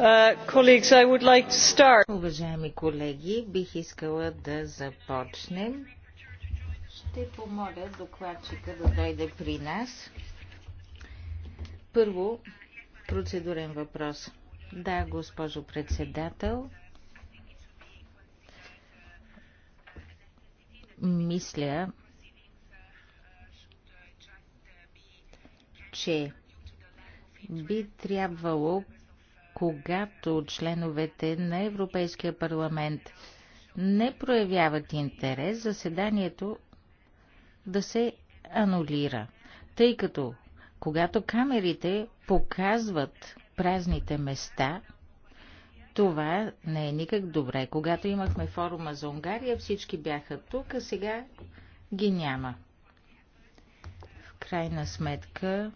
Uh, Уважаеми колеги, бих искала да започнем. Ще помоля докладчика да дойде при нас. Първо, процедурен въпрос. Да, госпожо председател. Мисля, че би трябвало когато членовете на Европейския парламент не проявяват интерес, заседанието да се анулира, тъй като когато камерите показват празните места, това не е никак добре. Когато имахме форума за Унгария, всички бяха тук, а сега ги няма. В крайна сметка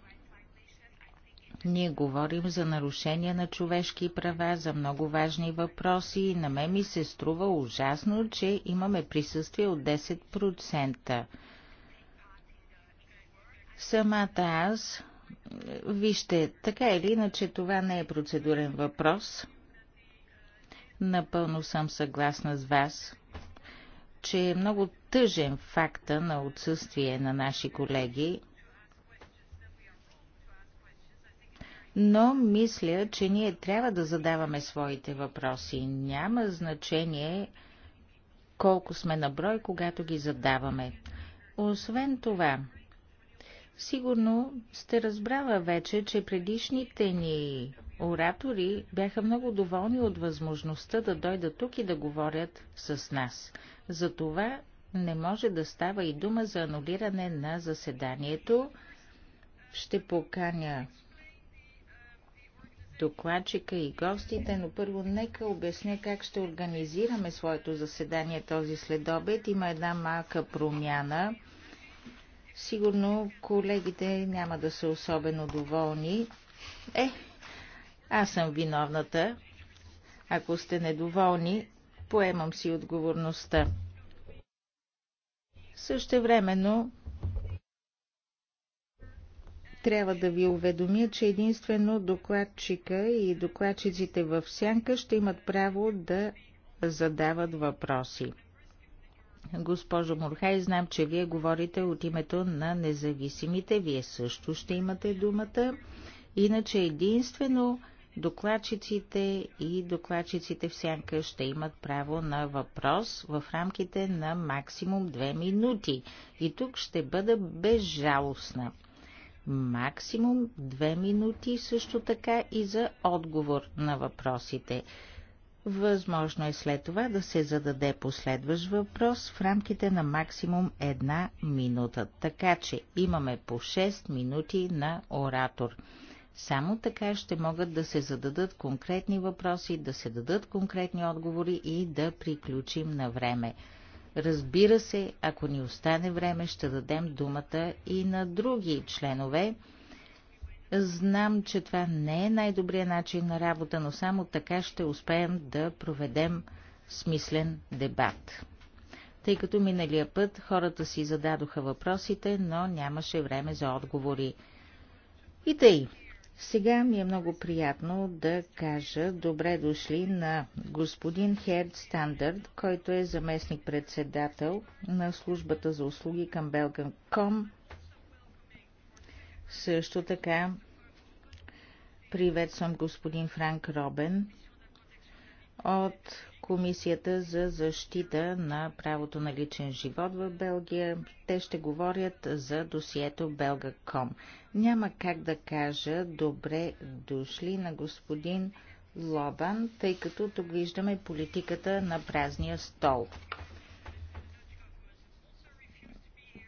ние говорим за нарушения на човешки права, за много важни въпроси и на мен ми се струва ужасно, че имаме присъствие от 10%. Самата аз, вижте, така или иначе това не е процедурен въпрос. Напълно съм съгласна с вас, че е много тъжен факта на отсъствие на наши колеги – но мисля, че ние трябва да задаваме своите въпроси. Няма значение колко сме на брой, когато ги задаваме. Освен това, сигурно сте разбрала вече, че предишните ни оратори бяха много доволни от възможността да дойдат тук и да говорят с нас. Затова не може да става и дума за анулиране на заседанието. Ще поканя докладчика и гостите, но първо нека обясня как ще организираме своето заседание този следобед. Има една малка промяна. Сигурно колегите няма да са особено доволни. Е, аз съм виновната. Ако сте недоволни, поемам си отговорността. Също времено. Трябва да ви уведомя, че единствено докладчика и докладчиците в сянка ще имат право да задават въпроси. Госпожо Мурхай, знам, че вие говорите от името на независимите. Вие също ще имате думата. Иначе единствено докладчиците и докладчиците в сянка ще имат право на въпрос в рамките на максимум 2 минути. И тук ще бъда безжалостна максимум две минути, също така и за отговор на въпросите. Възможно е след това да се зададе последващ въпрос в рамките на максимум една минута, така че имаме по 6 минути на оратор. Само така ще могат да се зададат конкретни въпроси, да се дадат конкретни отговори и да приключим на време. Разбира се, ако ни остане време, ще дадем думата и на други членове. Знам, че това не е най-добрият начин на работа, но само така ще успеем да проведем смислен дебат. Тъй като миналия път хората си зададоха въпросите, но нямаше време за отговори. И тъй, сега ми е много приятно да кажа добре дошли на господин Херд Стандарт, който е заместник-председател на службата за услуги към Belgacom. Също така приветствам господин Франк Робен, от Комисията за защита на правото на личен живот в Белгия. Те ще говорят за досието Belga.com. Няма как да кажа добре дошли на господин Лобан, тъй като тук виждаме политиката на празния стол.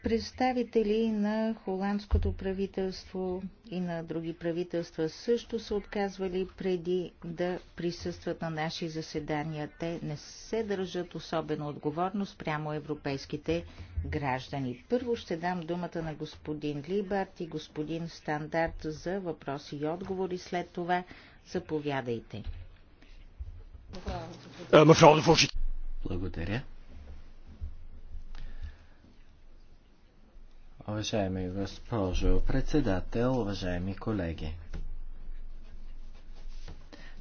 Представители на холандското правителство и на други правителства също са отказвали преди да присъстват на наши заседания. Те не се държат особено отговорно спрямо европейските граждани. Първо ще дам думата на господин Либарт и господин Стандарт за въпроси и отговори. След това заповядайте. Е, Благодаря. Уважаеми госпожо председател, уважаеми колеги.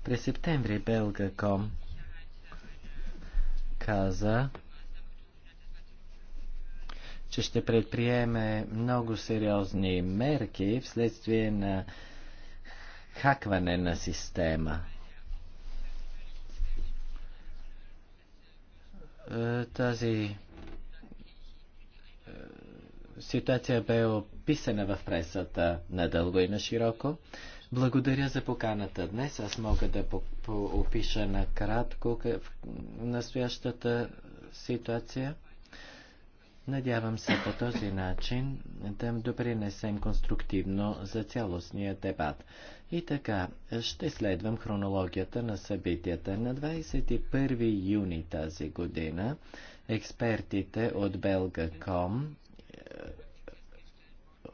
През септември Белгаком каза, че ще предприеме много сериозни мерки вследствие на хакване на система. Е, тази Ситуация бе описана в пресата надълго и на широко. Благодаря за поканата днес. Аз мога да по- по- опиша накратко настоящата ситуация. Надявам се по този начин да допринесем конструктивно за цялостния дебат. И така, ще следвам хронологията на събитията. На 21 юни тази година експертите от Belga.com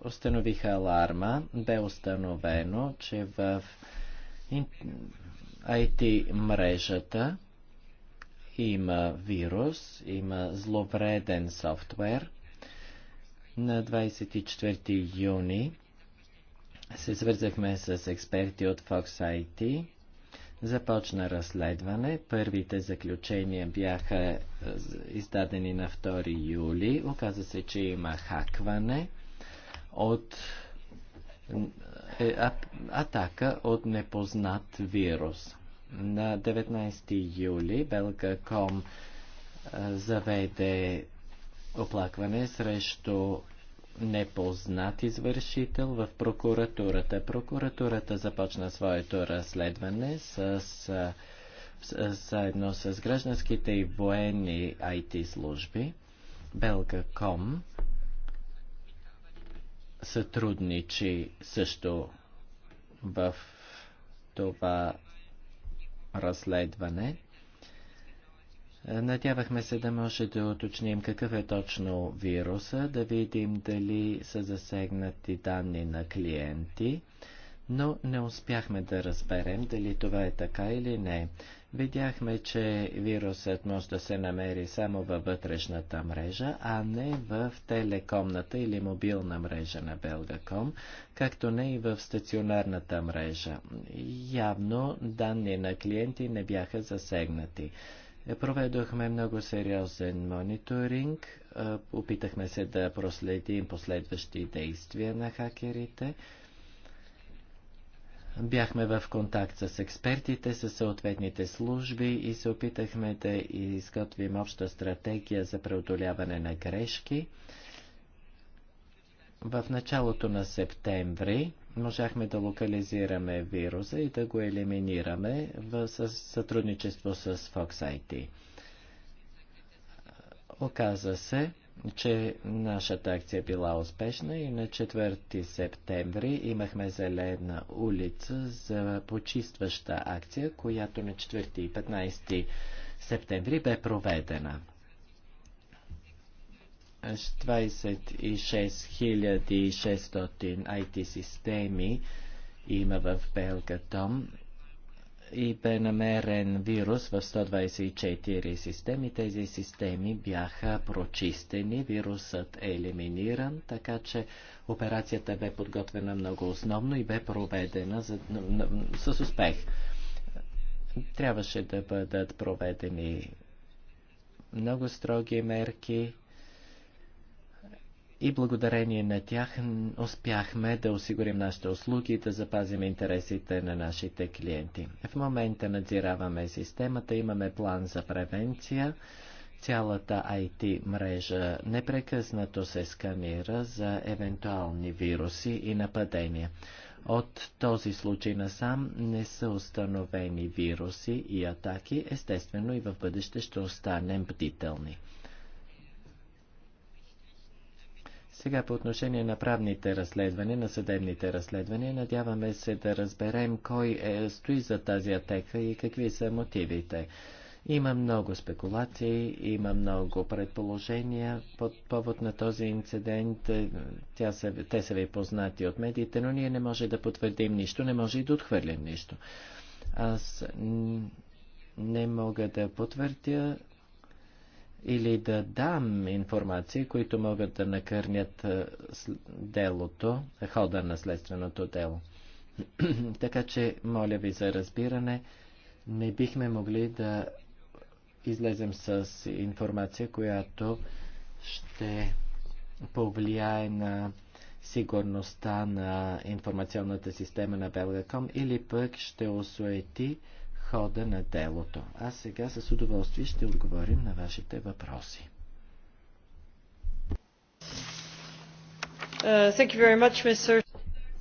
установиха аларма. Бе установено, че в IT мрежата има вирус, има зловреден софтуер. На 24 юни се свързахме с експерти от Fox IT. Започна разследване. Първите заключения бяха е, издадени на 2 юли. Оказа се, че има хакване от е, атака от непознат вирус. На 19 юли Белгаком е, заведе оплакване срещу непознат извършител в прокуратурата. Прокуратурата започна своето разследване с, е, с, заедно с гражданските и военни IT служби. Белгаком сътрудничи също в това разследване. Надявахме се да може да уточним какъв е точно вируса, да видим дали са засегнати данни на клиенти, но не успяхме да разберем дали това е така или не. Видяхме, че вирусът може да се намери само във вътрешната мрежа, а не в телекомната или мобилна мрежа на Белгаком, както не и в стационарната мрежа. Явно данни на клиенти не бяха засегнати. Проведохме много сериозен мониторинг, е, опитахме се да проследим последващи действия на хакерите. Бяхме в контакт с експертите, с съответните служби и се опитахме да изготвим обща стратегия за преодоляване на грешки. В началото на септември можахме да локализираме вируса и да го елиминираме в сътрудничество с Fox IT. Оказа се, че нашата акция е била успешна и на 4 септември имахме зелена улица за почистваща акция, която на 4 и 15 септември бе проведена. 26 600 IT системи има в Белгатом и бе намерен вирус в 124 системи. Тези системи бяха прочистени, вирусът е елиминиран, така че операцията бе подготвена много основно и бе проведена за, с успех. Трябваше да бъдат проведени много строги мерки и благодарение на тях успяхме да осигурим нашите услуги и да запазим интересите на нашите клиенти. В момента надзираваме системата, имаме план за превенция. Цялата IT мрежа непрекъснато се сканира за евентуални вируси и нападения. От този случай насам не са установени вируси и атаки, естествено и в бъдеще ще останем бдителни. Сега по отношение на правните разследвания, на съдебните разследвания, надяваме се да разберем кой е, стои за тази атека и какви са мотивите. Има много спекулации, има много предположения под повод на този инцидент. Е, тя са, те са ви познати от медиите, но ние не може да потвърдим нищо, не може и да отхвърлим нищо. Аз не мога да потвърдя или да дам информации, които могат да накърнят делото, хода на следственото дело. така че, моля ви за разбиране, не бихме могли да излезем с информация, която ще повлияе на сигурността на информационната система на Belga.com или пък ще осуети хода на делото. А сега с удоволствие ще отговорим на вашите въпроси. Uh, much,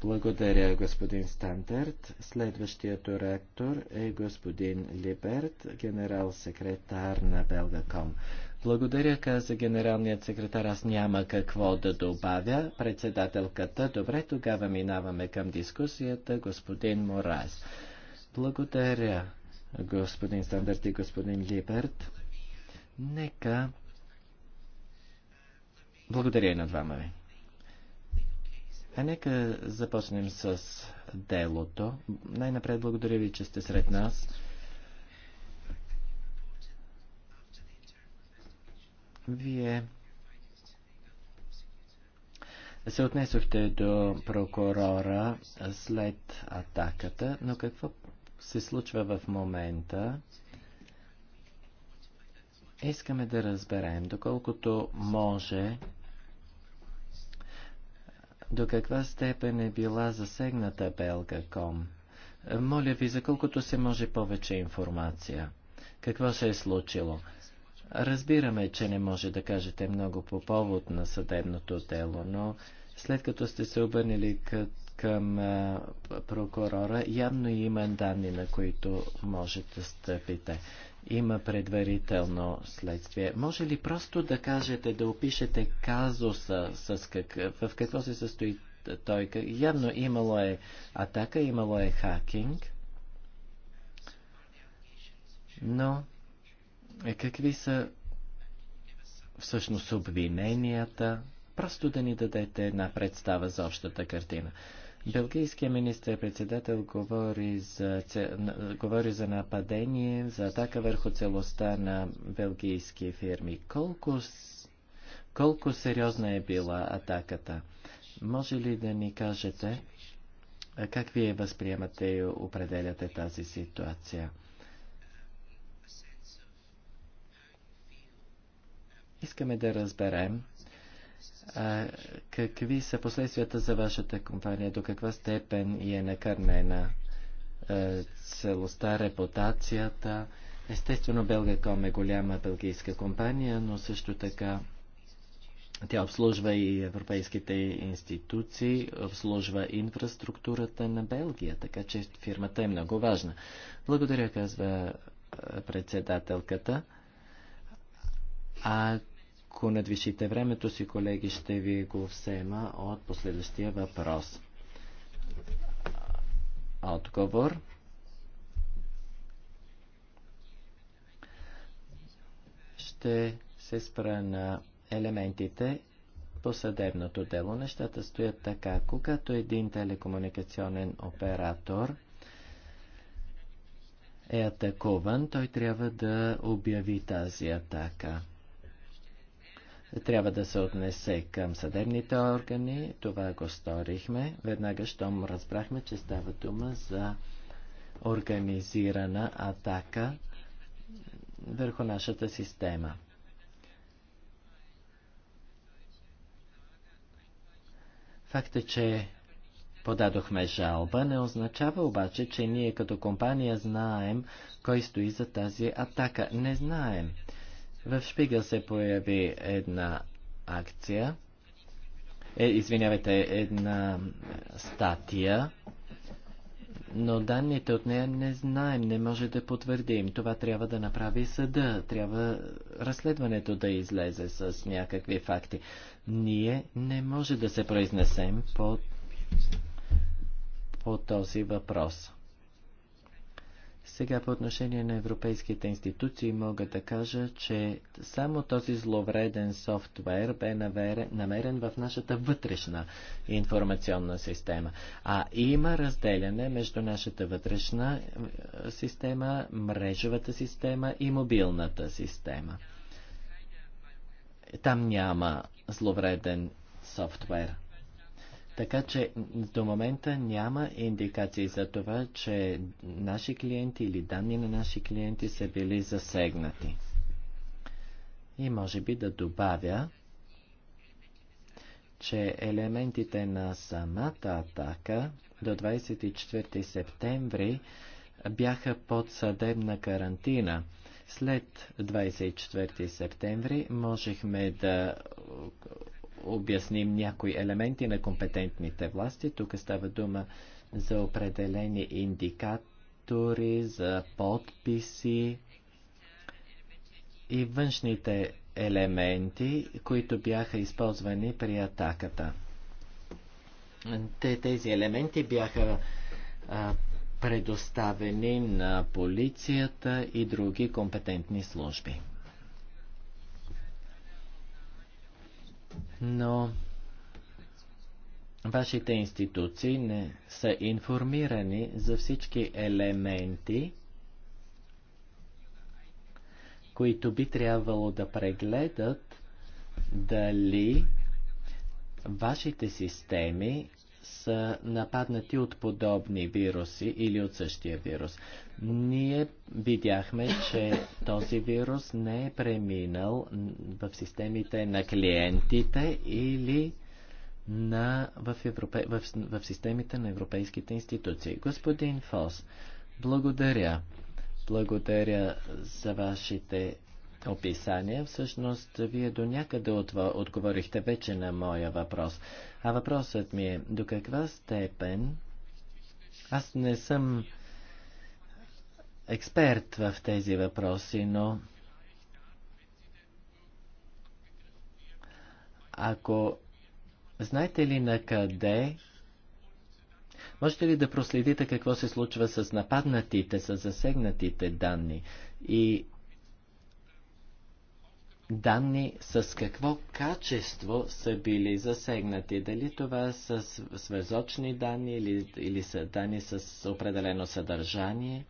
Благодаря, господин Стандарт. Следващият оратор е господин Либерт, генерал-секретар на Белгаком. Благодаря, каза генералният секретар. Аз няма какво да добавя. Председателката. Добре, тогава минаваме към дискусията. Господин Мораз. Благодаря господин Стандарт и господин Либерт. Нека... Благодаря и на двама ви. А нека започнем с делото. Най-напред благодаря ви, че сте сред нас. Вие се отнесохте до прокурора след атаката, но какво се случва в момента, искаме да разберем, доколкото може, до каква степен е била засегната Белгаком. Моля ви, за колкото се може повече информация. Какво се е случило? Разбираме, че не може да кажете много по повод на съдебното дело, но след като сте се обърнали към е, прокурора, явно има данни, на които можете да стъпите. Има предварително следствие. Може ли просто да кажете, да опишете казуса, с как, в какво се състои той? Явно имало е атака, имало е хакинг, но е, какви са всъщност обвиненията? Просто да ни дадете една представа за общата картина. Белгийският министр-председател говори за, говори за нападение, за атака върху целостта на белгийски фирми. Колко, колко сериозна е била атаката? Може ли да ни кажете как вие възприемате и определяте тази ситуация? Искаме да разберем а, какви са последствията за вашата компания? До каква степен е накърнена целостта, репутацията? Естествено, Белгаком е голяма белгийска компания, но също така тя обслужва и европейските институции, обслужва инфраструктурата на Белгия, така че фирмата е много важна. Благодаря, казва председателката. А ако надвишите времето си, колеги, ще ви го взема от последващия въпрос. Отговор. Ще се спра на елементите по съдебното дело. Нещата стоят така. Когато един телекомуникационен оператор е атакуван, той трябва да обяви тази атака трябва да се отнесе към съдебните органи. Това го сторихме, веднага щом разбрахме, че става дума за организирана атака върху нашата система. Факт е, че подадохме жалба, не означава обаче, че ние като компания знаем кой стои за тази атака. Не знаем. В Шпигъл се появи една акция, е, извинявайте, една статия, но данните от нея не знаем, не може да потвърдим. Това трябва да направи съда, трябва разследването да излезе с някакви факти. Ние не може да се произнесем по, по този въпрос. Сега по отношение на европейските институции мога да кажа, че само този зловреден софтуер бе намерен в нашата вътрешна информационна система. А има разделяне между нашата вътрешна е, система, мрежовата система и мобилната система. Там няма зловреден софтуер. Така че до момента няма индикации за това, че наши клиенти или данни на наши клиенти са били засегнати. И може би да добавя, че елементите на самата атака до 24 септември бяха под съдебна карантина. След 24 септември можехме да обясним някои елементи на компетентните власти. Тук става дума за определени индикатори, за подписи и външните елементи, които бяха използвани при атаката. Те, тези елементи бяха а, предоставени на полицията и други компетентни служби. но вашите институции не са информирани за всички елементи, които би трябвало да прегледат дали вашите системи са нападнати от подобни вируси или от същия вирус. Ние видяхме, че този вирус не е преминал в системите на клиентите или на, в, европе, в, в системите на европейските институции. Господин Фос, благодаря. Благодаря за вашите описание. Всъщност, вие до някъде отговорихте вече на моя въпрос. А въпросът ми е, до каква степен аз не съм експерт в тези въпроси, но ако знаете ли на къде Можете ли да проследите какво се случва с нападнатите, с засегнатите данни и данни с какво качество са били засегнати. Дали това са свързочни данни или, или са данни с определено съдържание.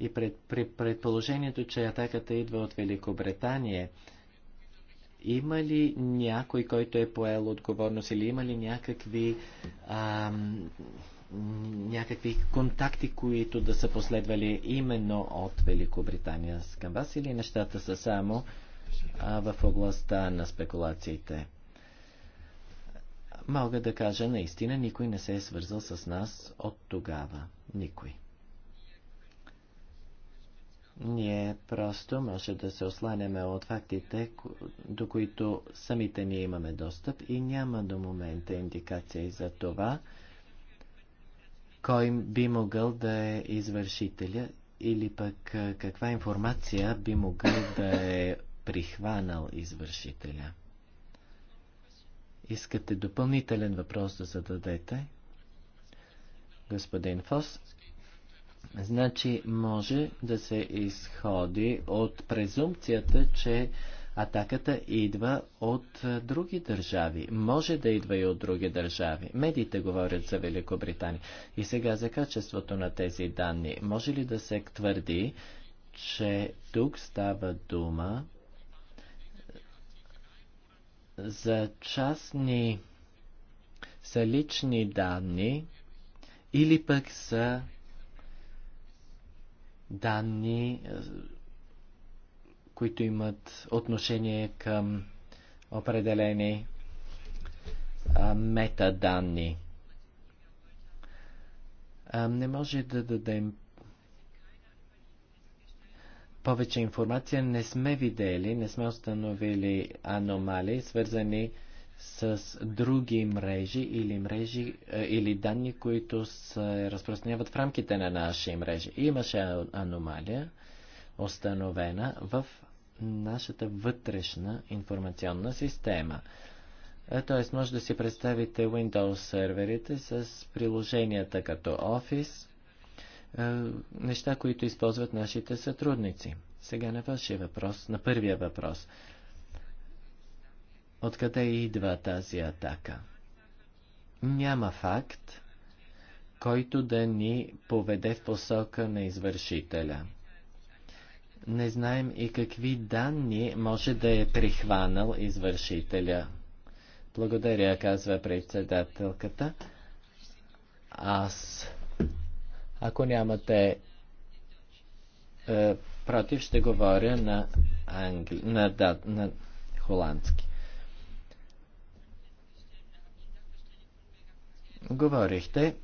И пред, при предположението, че атаката идва от Великобритания, има ли някой, който е поел отговорност или има ли някакви ам, някакви контакти, които да са последвали именно от Великобритания с към вас или нещата са само а, в областта на спекулациите? Мога да кажа, наистина никой не се е свързал с нас от тогава. Никой. Ние просто може да се осланяме от фактите, до които самите ние имаме достъп и няма до момента индикации за това, кой би могъл да е извършителя или пък каква информация би могъл да е прихванал извършителя. Искате допълнителен въпрос да зададете? Господин Фос, значи може да се изходи от презумпцията, че Атаката идва от е, други държави. Може да идва и от други държави. Медиите говорят за Великобритания. И сега за качеството на тези данни. Може ли да се твърди, че тук става дума е, за частни са лични данни или пък са данни е, които имат отношение към определени а, метаданни. А, не може да дадем повече информация. Не сме видели, не сме установили аномалии, свързани с други мрежи или, мрежи, или данни, които се разпространяват в рамките на наши мрежи. Имаше аномалия, установена в нашата вътрешна информационна система. Т.е. може да си представите Windows серверите с приложенията като Office, е, неща, които използват нашите сътрудници. Сега на вашия въпрос, на първия въпрос. Откъде идва тази атака? Няма факт, който да ни поведе в посока на извършителя не знаем и какви данни може да е прихванал извършителя. Благодаря, казва председателката. Аз, ако нямате е, против, ще говоря на, англи... на, да, на холандски. Говорихте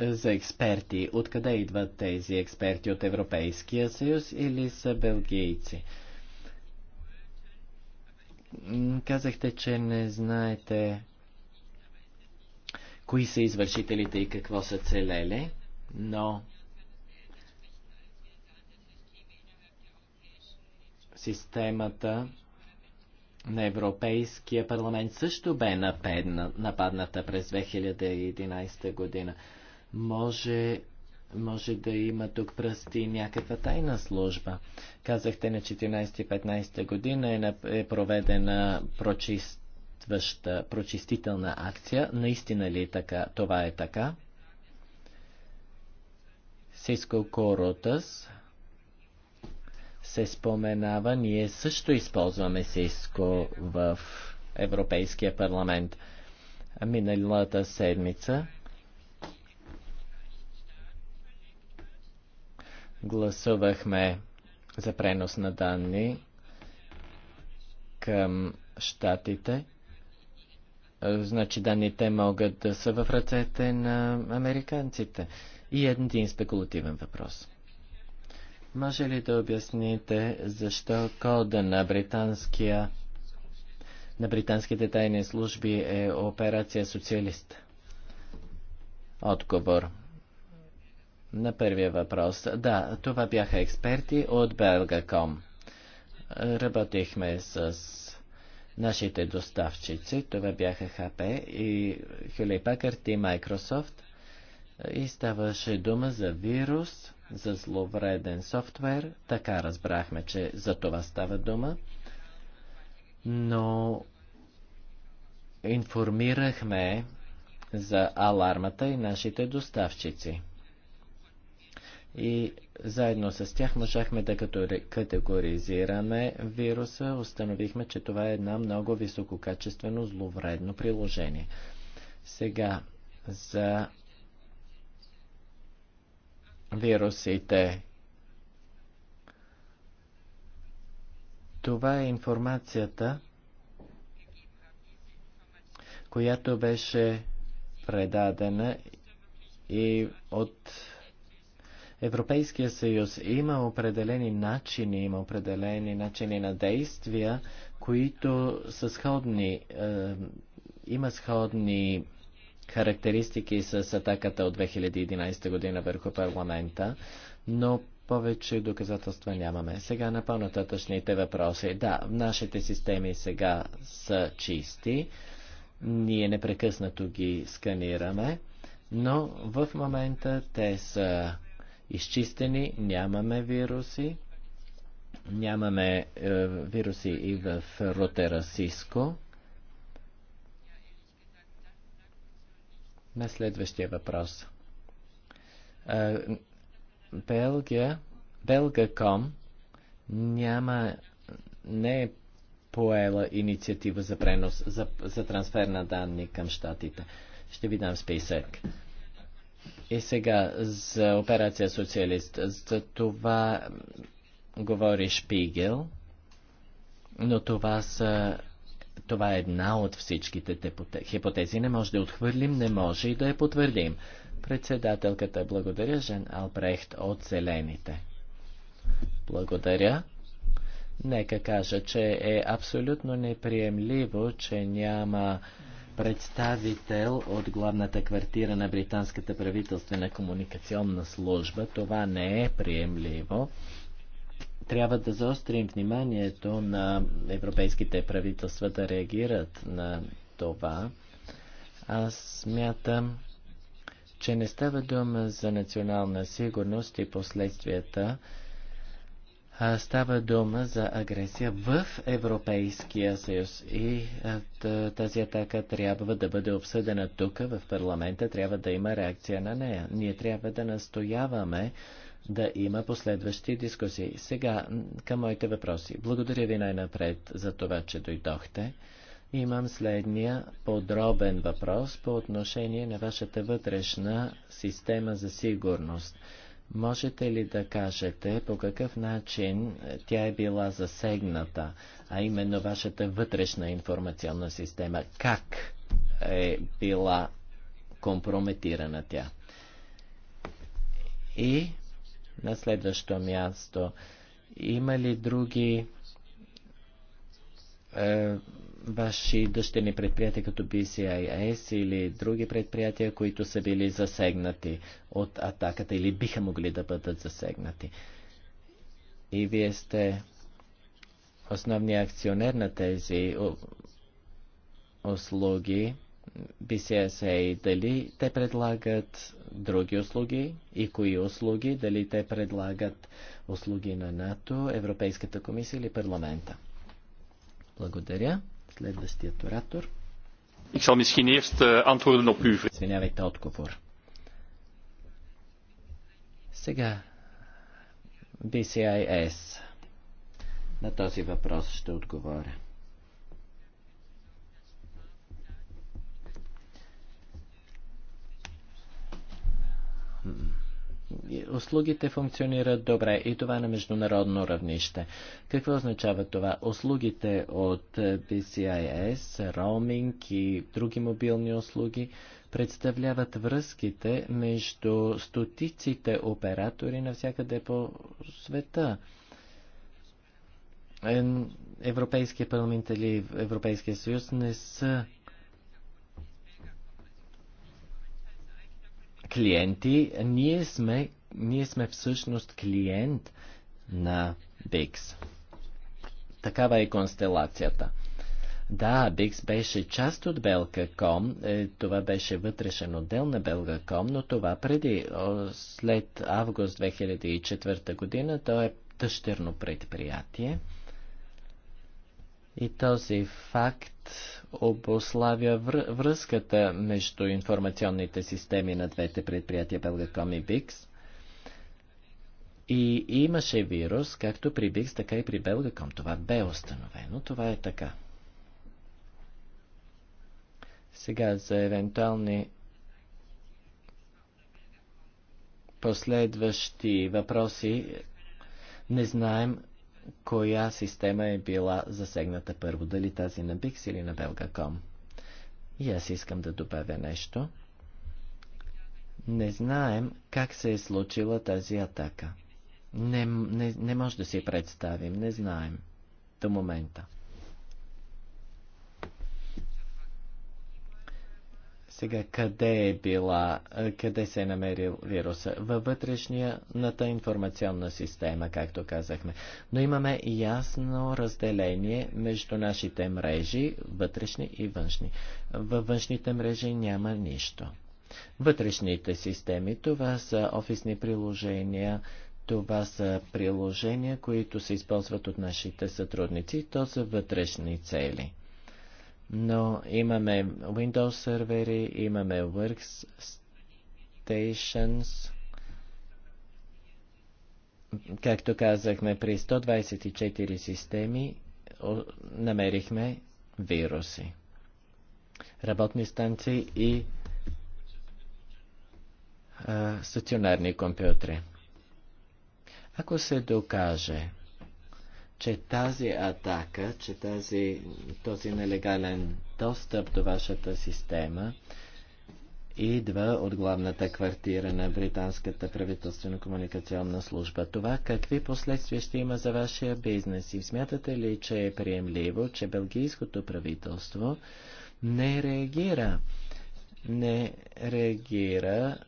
за експерти. Откъде идват тези експерти от Европейския съюз или са белгийци? Казахте, че не знаете кои са извършителите и какво са целели, но системата на Европейския парламент също бе нападната през 2011 година може, може да има тук пръсти някаква тайна служба. Казахте на 14-15 година е, на, е проведена прочистваща, прочистителна акция. Наистина ли е така, това е така? Сиско Коротас се споменава, ние също използваме Сиско в Европейския парламент. Миналата седмица гласувахме за пренос на данни към щатите. Значи данните могат да са в ръцете на американците. И един спекулативен въпрос. Може ли да обясните защо кода на британския на британските тайни служби е операция социалист? Отговор. На първия въпрос. Да, това бяха експерти от Belga.com. Работихме с нашите доставчици. Това бяха HP и Hewlett Пакърт и Microsoft. И ставаше дума за вирус, за зловреден софтуер. Така разбрахме, че за това става дума. Но информирахме за алармата и нашите доставчици и заедно с тях можахме да категоризираме вируса. Установихме, че това е една много висококачествено зловредно приложение. Сега за вирусите. Това е информацията, която беше предадена и от Европейския съюз има определени начини, има определени начини на действия, които са сходни, е, има сходни характеристики с атаката от 2011 година върху парламента, но повече доказателства нямаме. Сега на по-нататъчните въпроси. Да, нашите системи сега са чисти. Ние непрекъснато ги сканираме, но в момента те са изчистени, нямаме вируси, нямаме е, вируси и в Ротерасиско. На следващия въпрос. Е, Белгия, Белга.ком няма, не е поела инициатива за пренос, за, за трансфер на данни към щатите. Ще ви дам списък. И сега за операция Социалист. За това говори Шпигел, но това, са, това е една от всичките хипотези. Не може да отхвърлим, не може и да я потвърдим. Председателката благодаря Жен Албрехт от Зелените. Благодаря. Нека кажа, че е абсолютно неприемливо, че няма представител от главната квартира на Британската правителствена комуникационна служба. Това не е приемливо. Трябва да заострим вниманието на европейските правителства да реагират на това. Аз смятам, че не става дума за национална сигурност и последствията става дума за агресия в Европейския съюз и тази атака трябва да бъде обсъдена тук, в парламента, трябва да има реакция на нея. Ние трябва да настояваме да има последващи дискусии. Сега към моите въпроси. Благодаря ви най-напред за това, че дойдохте. Имам следния подробен въпрос по отношение на вашата вътрешна система за сигурност. Можете ли да кажете по какъв начин тя е била засегната, а именно вашата вътрешна информационна система? Как е била компрометирана тя? И на следващо място, има ли други е, ваши дъщерни предприятия като BCIS или други предприятия, които са били засегнати от атаката или биха могли да бъдат засегнати. И вие сте основният акционер на тези услуги, BCSA, дали те предлагат други услуги и кои услуги, дали те предлагат услуги на НАТО, Европейската комисия или парламента. Благодаря. Следващият оратор. Ik zal misschien eerst eh, antwoorden op uw Извинявайте, отговор. Сега, BCIS. На този въпрос ще отговоря. Mm-mm услугите функционират добре и това на международно равнище. Какво означава това? Услугите от е, BCIS, роуминг и други мобилни услуги представляват връзките между стотиците оператори навсякъде по света. Европейския парламент или Европейския съюз не са клиенти, ние сме, ние сме всъщност клиент на Бикс. Такава е констелацията. Да, Бикс беше част от Белгаком, е, това беше вътрешен отдел на Белгаком, но това преди, след август 2004 година, то е тъщерно предприятие. И този факт обославя връзката между информационните системи на двете предприятия Белгаком и Бикс. И имаше вирус, както при Бикс, така и при Белгаком. Това бе установено, това е така. Сега за евентуални последващи въпроси не знаем коя система е била засегната първо, дали тази на Бикс или на Белгаком. И аз искам да добавя нещо. Не знаем как се е случила тази атака. Не, не, не може да си представим, не знаем до момента. Сега, къде е била, къде се е намерил вируса? Във вътрешнията информационна система, както казахме. Но имаме ясно разделение между нашите мрежи, вътрешни и външни. Във външните мрежи няма нищо. Вътрешните системи, това са офисни приложения, това са приложения, които се използват от нашите сътрудници, то са вътрешни цели – но имаме Windows сервери, имаме Workstations, както казахме, при 124 системи намерихме вируси, работни станции и а, стационарни компютри. Ако се докаже, че тази атака, че тази, този нелегален достъп до вашата система идва от главната квартира на Британската правителствена комуникационна служба. Това какви последствия ще има за вашия бизнес и смятате ли, че е приемливо, че белгийското правителство не реагира? Не реагира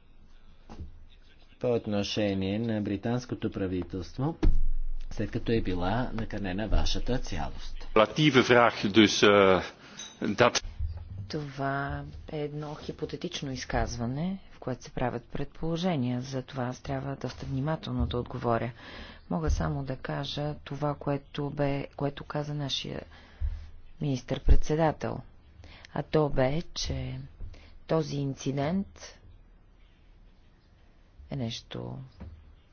по отношение на британското правителство след като е била накърнена вашата цялост. Eh, това е едно хипотетично изказване, в което се правят предположения. За това аз трябва доста внимателно да отговоря. Мога само да кажа това, което, бе, което каза нашия министър-председател. А то бе, че този инцидент е нещо,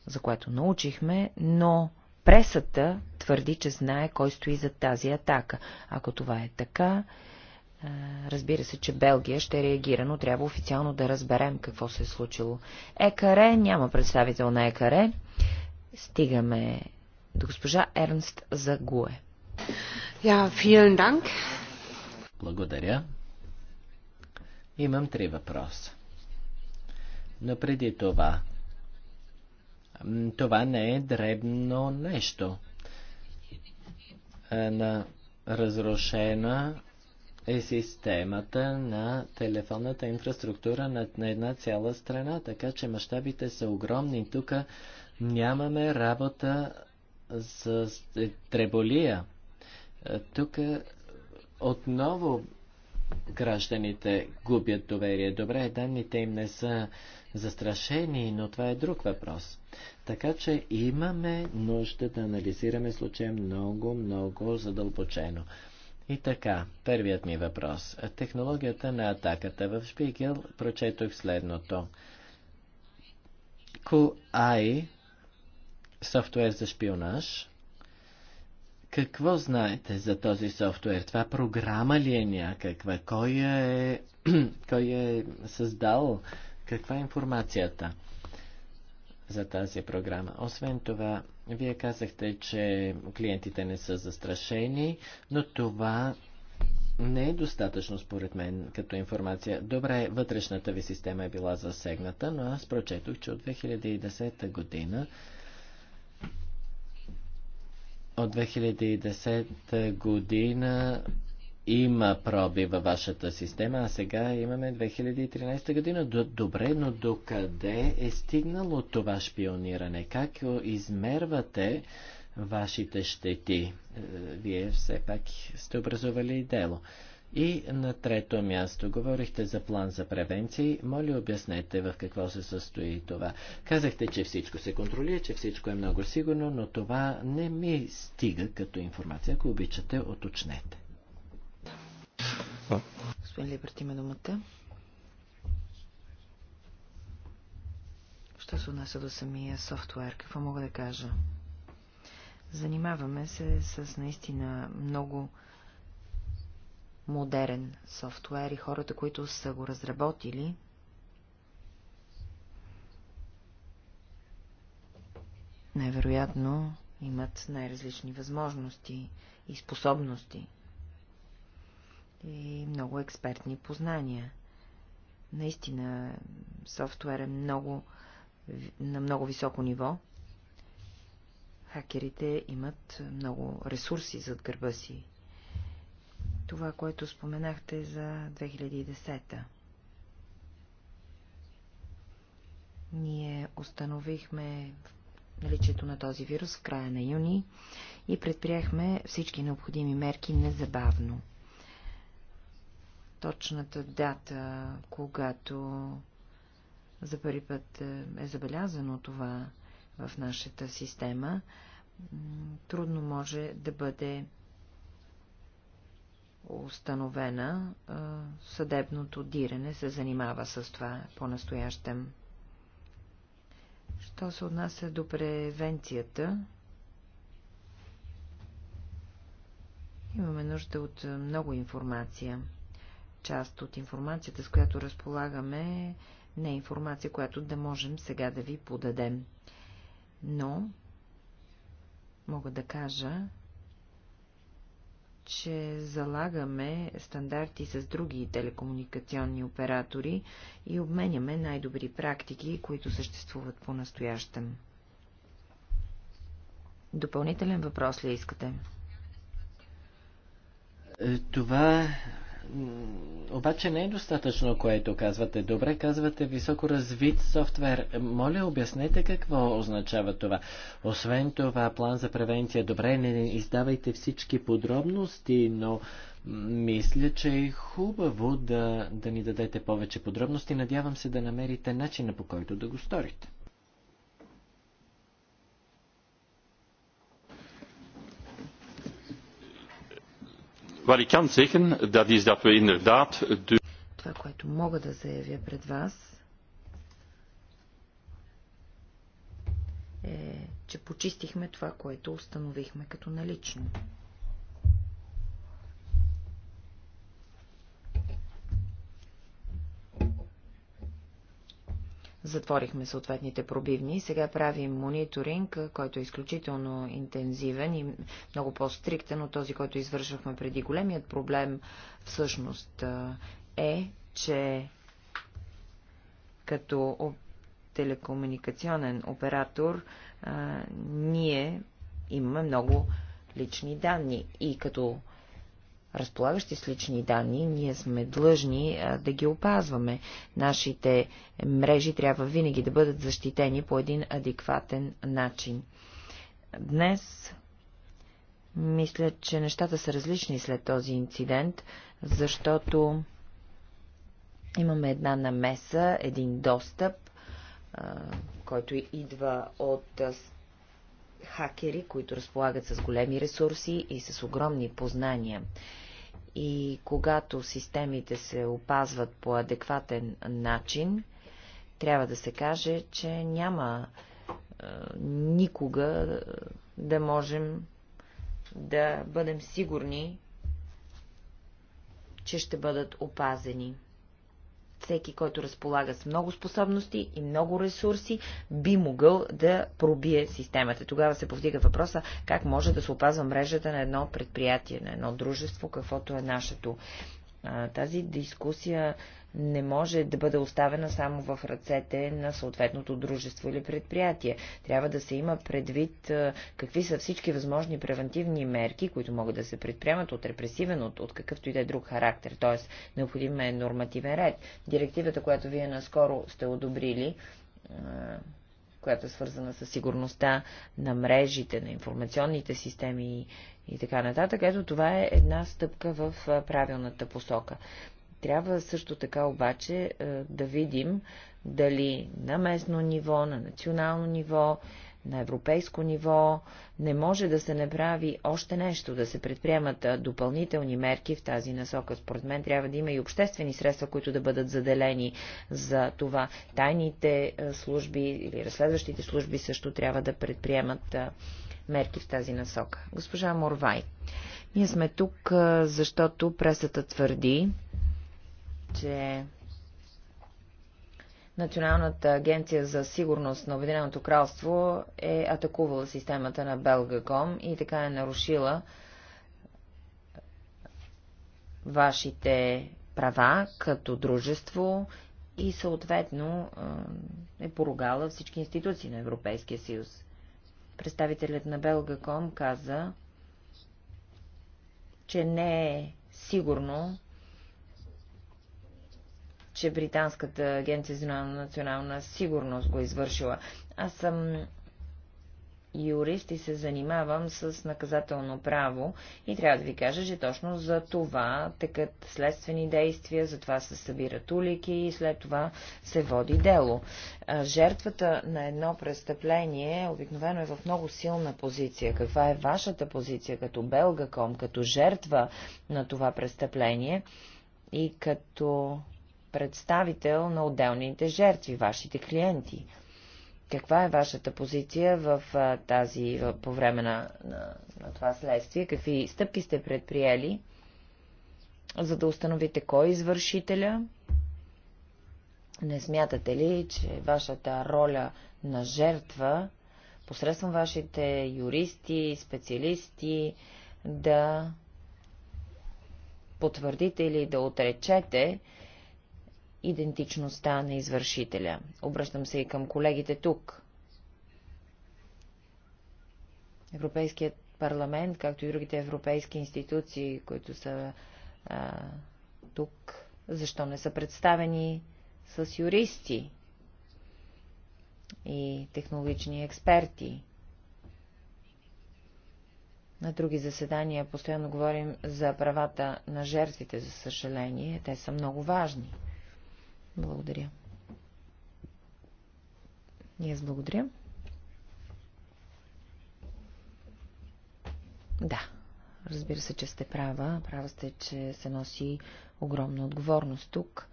за което научихме, но Пресата твърди, че знае кой стои за тази атака. Ако това е така, разбира се, че Белгия ще реагира, но трябва официално да разберем какво се е случило. Екаре, няма представител на Екаре. Стигаме до госпожа Ернст Загуе. Ja, vielen Dank. Благодаря. Имам три въпроса. Но преди това, това не е дребно нещо. Е, на разрушена е системата на телефонната инфраструктура на, на една цяла страна, така че мащабите са огромни. Тук нямаме работа с е, треболия. Е, тук отново гражданите губят доверие. Добре, данните им не са застрашени, но това е друг въпрос. Така че имаме нужда да анализираме случая много, много задълбочено. И така, първият ми въпрос. Технологията на атаката в Шпигел прочетох следното. QI, софтуер за шпионаж. Какво знаете за този софтуер? Това програма ли е някаква? Кой е, кой е създал каква е информацията за тази програма? Освен това, вие казахте, че клиентите не са застрашени, но това не е достатъчно според мен като информация. Добре, вътрешната ви система е била засегната, но аз прочетох, че от 2010 година от 2010 година има проби във вашата система, а сега имаме 2013 година. Добре, но докъде е стигнало това шпиониране? Как измервате вашите щети? Е, вие все пак сте образували дело. И на трето място говорихте за план за превенции. Моля, обяснете в какво се състои това. Казахте, че всичко се контролира, че всичко е много сигурно, но това не ми стига като информация. Ако обичате, оточнете. Господин Либерт има думата. Що се отнася до самия софтуер, какво мога да кажа? Занимаваме се с наистина много модерен софтуер и хората, които са го разработили, най-вероятно имат най-различни възможности и способности и много експертни познания. Наистина, софтуер е много, на много високо ниво. Хакерите имат много ресурси зад гърба си. Това, което споменахте за 2010-та. Ние установихме наличието на този вирус в края на юни и предприехме всички необходими мерки незабавно – точната дата, когато за първи път е, е забелязано това в нашата система, трудно може да бъде установена. Е, съдебното диране се занимава с това по-настоящем. Що се отнася до превенцията, имаме нужда от много информация част от информацията, с която разполагаме, не е информация, която да можем сега да ви подадем. Но мога да кажа, че залагаме стандарти с други телекомуникационни оператори и обменяме най-добри практики, които съществуват по-настоящем. Допълнителен въпрос ли искате? Е, това обаче не е достатъчно, което казвате. Добре, казвате високо развит софтуер. Моля, обяснете какво означава това. Освен това, план за превенция. Добре, не издавайте всички подробности, но мисля, че е хубаво да, да ни дадете повече подробности. Надявам се да намерите начина по който да го сторите. Wat ik kan zeggen, dat is dat we inderdaad... De... Това, което мога да заявя пред вас, е, че почистихме това, което установихме като налично. Затворихме съответните пробивни. Сега правим мониторинг, който е изключително интензивен и много по-стриктен от този, който извършвахме преди. Големият проблем всъщност е, че като телекомуникационен оператор ние имаме много лични данни и като разполагащи с лични данни, ние сме длъжни да ги опазваме. Нашите мрежи трябва винаги да бъдат защитени по един адекватен начин. Днес мисля, че нещата са различни след този инцидент, защото имаме една намеса, един достъп, който идва от хакери, които разполагат с големи ресурси и с огромни познания и когато системите се опазват по адекватен начин, трябва да се каже, че няма е, никога да можем да бъдем сигурни, че ще бъдат опазени всеки, който разполага с много способности и много ресурси, би могъл да пробие системата. Тогава се повдига въпроса как може да се опазва мрежата на едно предприятие, на едно дружество, каквото е нашето. Тази дискусия не може да бъде оставена само в ръцете на съответното дружество или предприятие. Трябва да се има предвид какви са всички възможни превентивни мерки, които могат да се предприемат от репресивен, от, от какъвто и да е друг характер. Т.е. необходим е нормативен ред. Директивата, която вие наскоро сте одобрили, която е свързана с сигурността на мрежите, на информационните системи и така нататък. Ето това е една стъпка в правилната посока. Трябва също така обаче е, да видим дали на местно ниво, на национално ниво, на европейско ниво не може да се направи още нещо, да се предприемат е, допълнителни мерки в тази насока. Според мен трябва да има и обществени средства, които да бъдат заделени за това. Тайните е, служби или разследващите служби също трябва да предприемат мерки в тази насока. Госпожа Морвай, ние сме тук, защото пресата твърди, че Националната агенция за сигурност на Обединеното кралство е атакувала системата на Белгаком и така е нарушила вашите права като дружество и съответно е поругала всички институции на Европейския съюз. Представителят на Белгаком каза, че не е сигурно че Британската агенция за национална сигурност го е извършила. Аз съм юрист и се занимавам с наказателно право и трябва да ви кажа, че точно за това текат следствени действия, за това се събират улики и след това се води дело. Жертвата на едно престъпление обикновено е в много силна позиция. Каква е вашата позиция като белгаком, като жертва на това престъпление и като представител на отделните жертви, вашите клиенти. Каква е вашата позиция в тази, по време на, на, на това следствие? Какви стъпки сте предприели, за да установите кой е извършителя? Не смятате ли, че вашата роля на жертва, посредством вашите юристи, специалисти, да потвърдите или да отречете идентичността на извършителя. Обръщам се и към колегите тук. Европейският парламент, както и другите европейски институции, които са а, тук, защо не са представени с юристи и технологични експерти. На други заседания постоянно говорим за правата на жертвите, за съжаление. Те са много важни. Благодаря. И аз благодаря. Да, разбира се, че сте права. Права сте, че се носи огромна отговорност тук.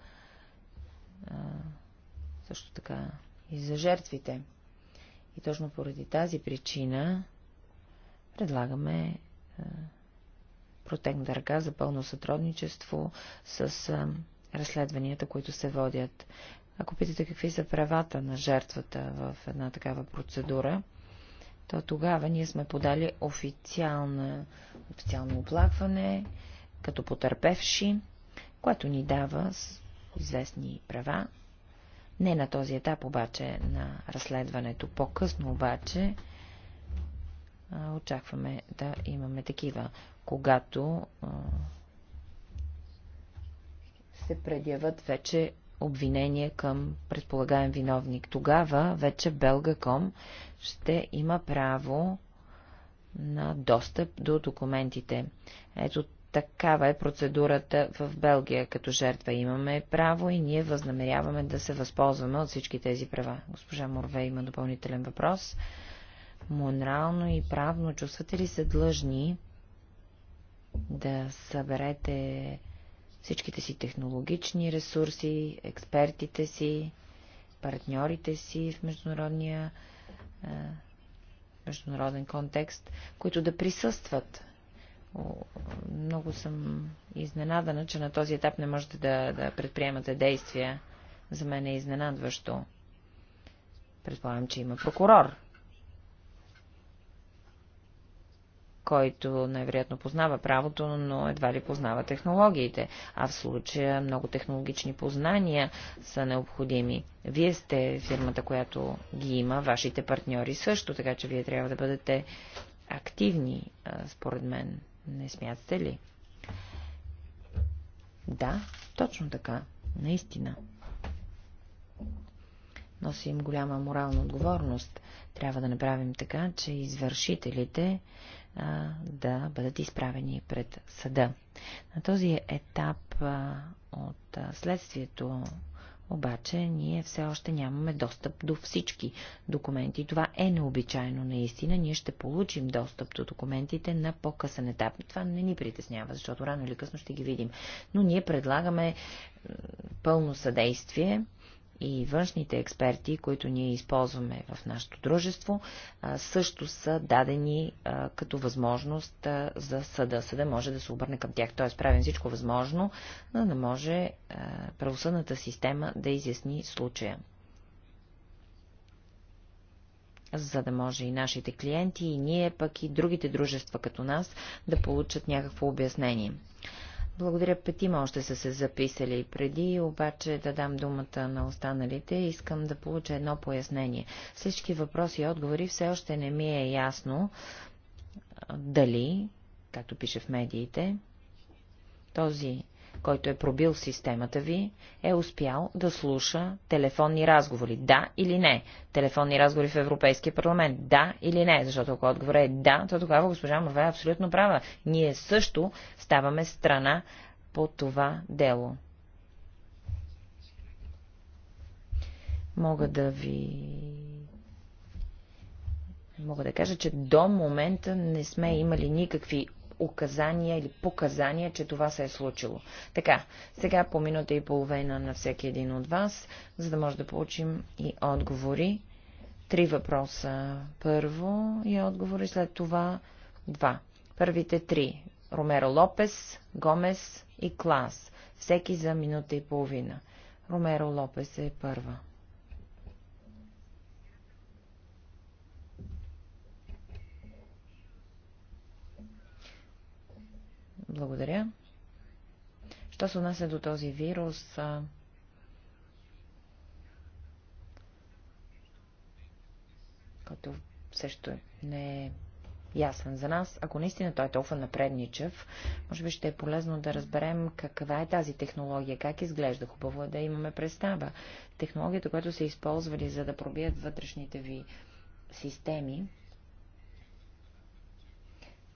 А, също така и за жертвите. И точно поради тази причина предлагаме а, ръка за пълно сътрудничество с а, разследванията, които се водят. Ако питате какви са правата на жертвата в една такава процедура, то тогава ние сме подали официална, официално оплакване като потърпевши, което ни дава известни права. Не на този етап обаче на разследването. По-късно обаче очакваме да имаме такива, когато се предяват вече обвинения към предполагаем виновник. Тогава вече Белгаком ще има право на достъп до документите. Ето такава е процедурата в Белгия. Като жертва имаме право и ние възнамеряваме да се възползваме от всички тези права. Госпожа Морве има допълнителен въпрос. Морално и правно чувствате ли се длъжни да съберете всичките си технологични ресурси, експертите си, партньорите си в международния международен контекст, които да присъстват. Много съм изненадана, че на този етап не можете да, да предприемате действия. За мен е изненадващо. Предполагам, че има прокурор, който най-вероятно познава правото, но едва ли познава технологиите, а в случая много технологични познания са необходими. Вие сте фирмата, която ги има, вашите партньори също, така че вие трябва да бъдете активни, според мен. Не смятате ли? Да, точно така. Наистина. Носим голяма морална отговорност. Трябва да направим така, че извършителите а, да бъдат изправени пред съда. На този етап а, от а, следствието обаче ние все още нямаме достъп до всички документи. Това е необичайно наистина. Ние ще получим достъп до документите на по-късен етап. Това не ни притеснява, защото рано или късно ще ги видим. Но ние предлагаме пълно съдействие и външните експерти, които ние използваме в нашето дружество, също са дадени като възможност за съда. Съда може да се обърне към тях. Т.е. правим всичко възможно, за да може правосъдната система да изясни случая за да може и нашите клиенти, и ние, пък и другите дружества като нас да получат някакво обяснение. Благодаря, петима още са се записали преди, обаче да дам думата на останалите, искам да получа едно пояснение. Всички въпроси и отговори все още не ми е ясно дали, както пише в медиите, този който е пробил системата ви, е успял да слуша телефонни разговори. Да или не? Телефонни разговори в Европейския парламент. Да или не? Защото ако отговорът е да, то тогава госпожа Морве е абсолютно права. Ние също ставаме страна по това дело. Мога да ви мога да кажа, че до момента не сме имали никакви указания или показания, че това се е случило. Така, сега по минута и половина на всеки един от вас, за да може да получим и отговори. Три въпроса първо и отговори, след това два. Първите три. Ромеро Лопес, Гомес и Клас. Всеки за минута и половина. Ромеро Лопес е първа. Благодаря. Що се отнася до този вирус, който също не е ясен за нас. Ако наистина той е толкова напредничев, може би ще е полезно да разберем каква е тази технология, как изглежда. Хубаво е да имаме представа. Технологията, която са използвали за да пробият вътрешните ви системи,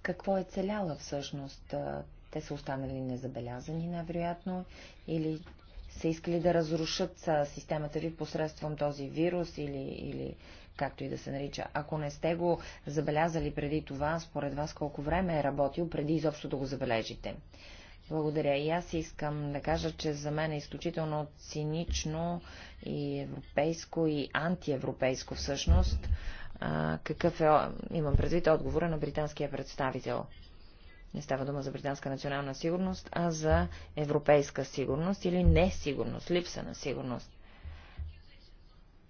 какво е целяла всъщност. Те са останали незабелязани, най-вероятно, или са искали да разрушат системата ви посредством този вирус или, или както и да се нарича. Ако не сте го забелязали преди това, според вас колко време е работил, преди изобщо да го забележите. Благодаря. И аз искам да кажа, че за мен е изключително цинично и европейско, и антиевропейско всъщност а, какъв е, имам предвид, отговора на британския представител. Не става дума за британска национална сигурност, а за европейска сигурност или несигурност, липса на сигурност.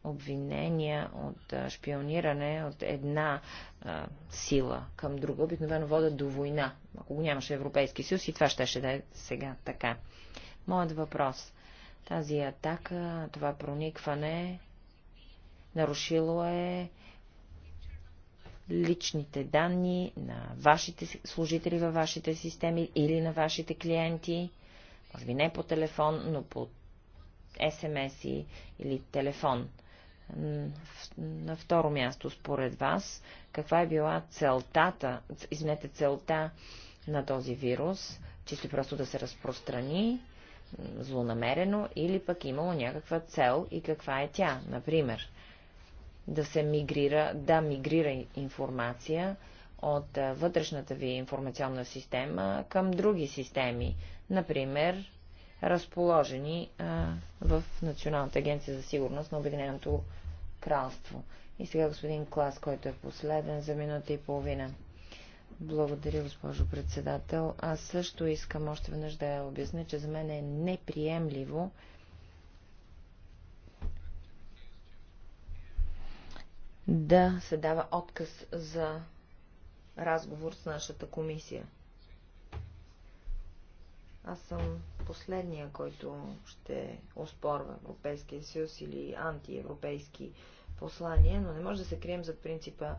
Обвинения от шпиониране от една а, сила към друга обикновено водят до война. Ако го нямаше Европейски съюз и това щеше да е сега така. Моят въпрос. Тази атака, това проникване, нарушило е личните данни на вашите служители във вашите системи или на вашите клиенти, може би не по телефон, но по СМС или телефон. На второ място, според вас, каква е била целтата, извинете, целта на този вирус, чисто просто да се разпространи злонамерено или пък имало някаква цел и каква е тя, например? да се мигрира, да мигрира информация от вътрешната ви информационна система към други системи, например, разположени а, в Националната агенция за сигурност на Обединеното кралство. И сега господин Клас, който е последен за минута и половина. Благодаря, госпожо председател. Аз също искам още веднъж да обясня, че за мен е неприемливо, да се дава отказ за разговор с нашата комисия. Аз съм последния, който ще оспорва Европейския съюз или антиевропейски послания, но не може да се крием за принципа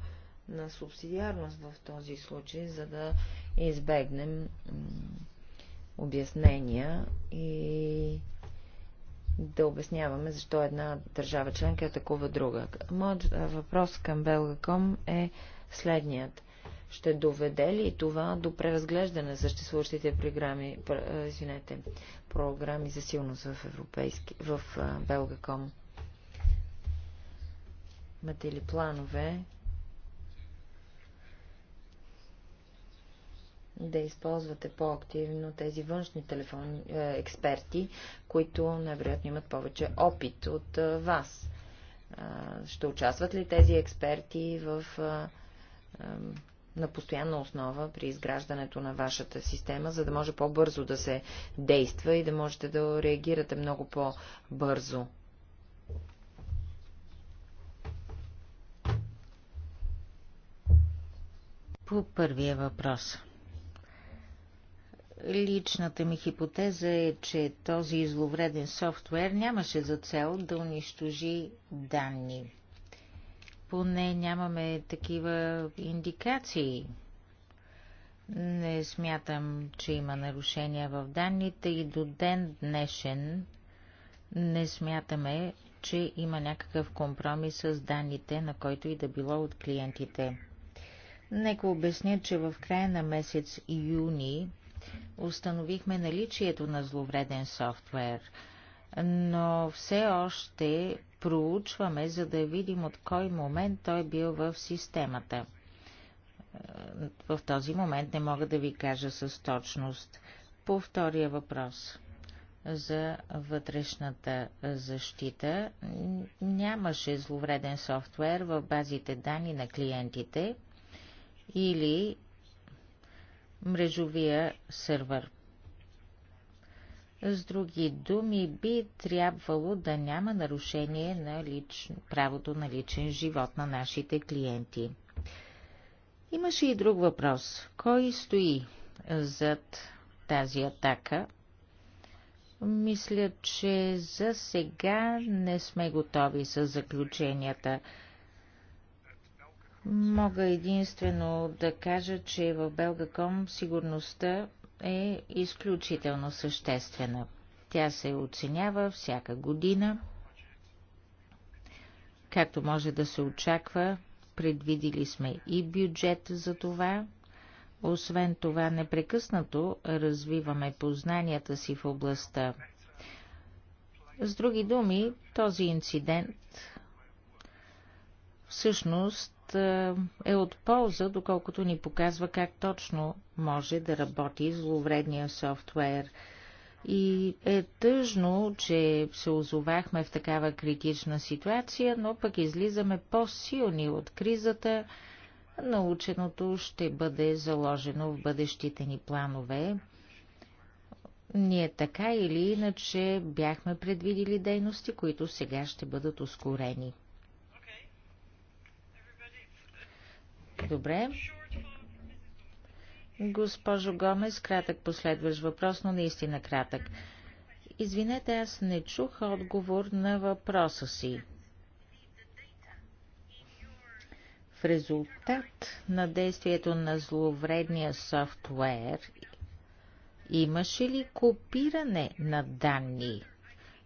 на субсидиарност в този случай, за да избегнем обяснения и да обясняваме защо една държава членка е такова друга. Моят въпрос към Белгаком е следният. Ще доведе ли това до преразглеждане на съществуващите програми, извинете, програми за силност в, европейски, в Белгаком? Имате ли планове да използвате по-активно тези външни телефони, е, експерти, които най-вероятно имат повече опит от е, вас. Е, ще участват ли тези експерти в, е, е, на постоянна основа при изграждането на вашата система, за да може по-бързо да се действа и да можете да реагирате много по-бързо? По първия въпрос. Личната ми хипотеза е, че този изловреден софтуер нямаше за цел да унищожи данни. Поне нямаме такива индикации. Не смятам, че има нарушения в данните и до ден днешен не смятаме, че има някакъв компромис с данните, на който и да било от клиентите. Нека обясня, че в края на месец юни установихме наличието на зловреден софтуер, но все още проучваме, за да видим от кой момент той е бил в системата. Е, в този момент не мога да ви кажа с точност. По втория въпрос за вътрешната защита нямаше зловреден софтуер в базите данни на клиентите или мрежовия сървър. С други думи, би трябвало да няма нарушение на лич... правото на личен живот на нашите клиенти. Имаше и друг въпрос. Кой стои зад тази атака? Мисля, че за сега не сме готови с заключенията. Мога единствено да кажа, че в Белгаком сигурността е изключително съществена. Тя се оценява всяка година. Както може да се очаква, предвидили сме и бюджет за това. Освен това, непрекъснато развиваме познанията си в областта. С други думи, този инцидент всъщност е, е от полза, доколкото ни показва как точно може да работи зловредния софтуер. И е тъжно, че се озовахме в такава критична ситуация, но пък излизаме по-силни от кризата. Наученото ще бъде заложено в бъдещите ни планове. Ние така или иначе бяхме предвидили дейности, които сега ще бъдат ускорени. Добре. Госпожо Гомес, кратък последващ въпрос, но наистина кратък. Извинете, аз не чух отговор на въпроса си. В резултат на действието на зловредния софтуер имаше ли копиране на данни?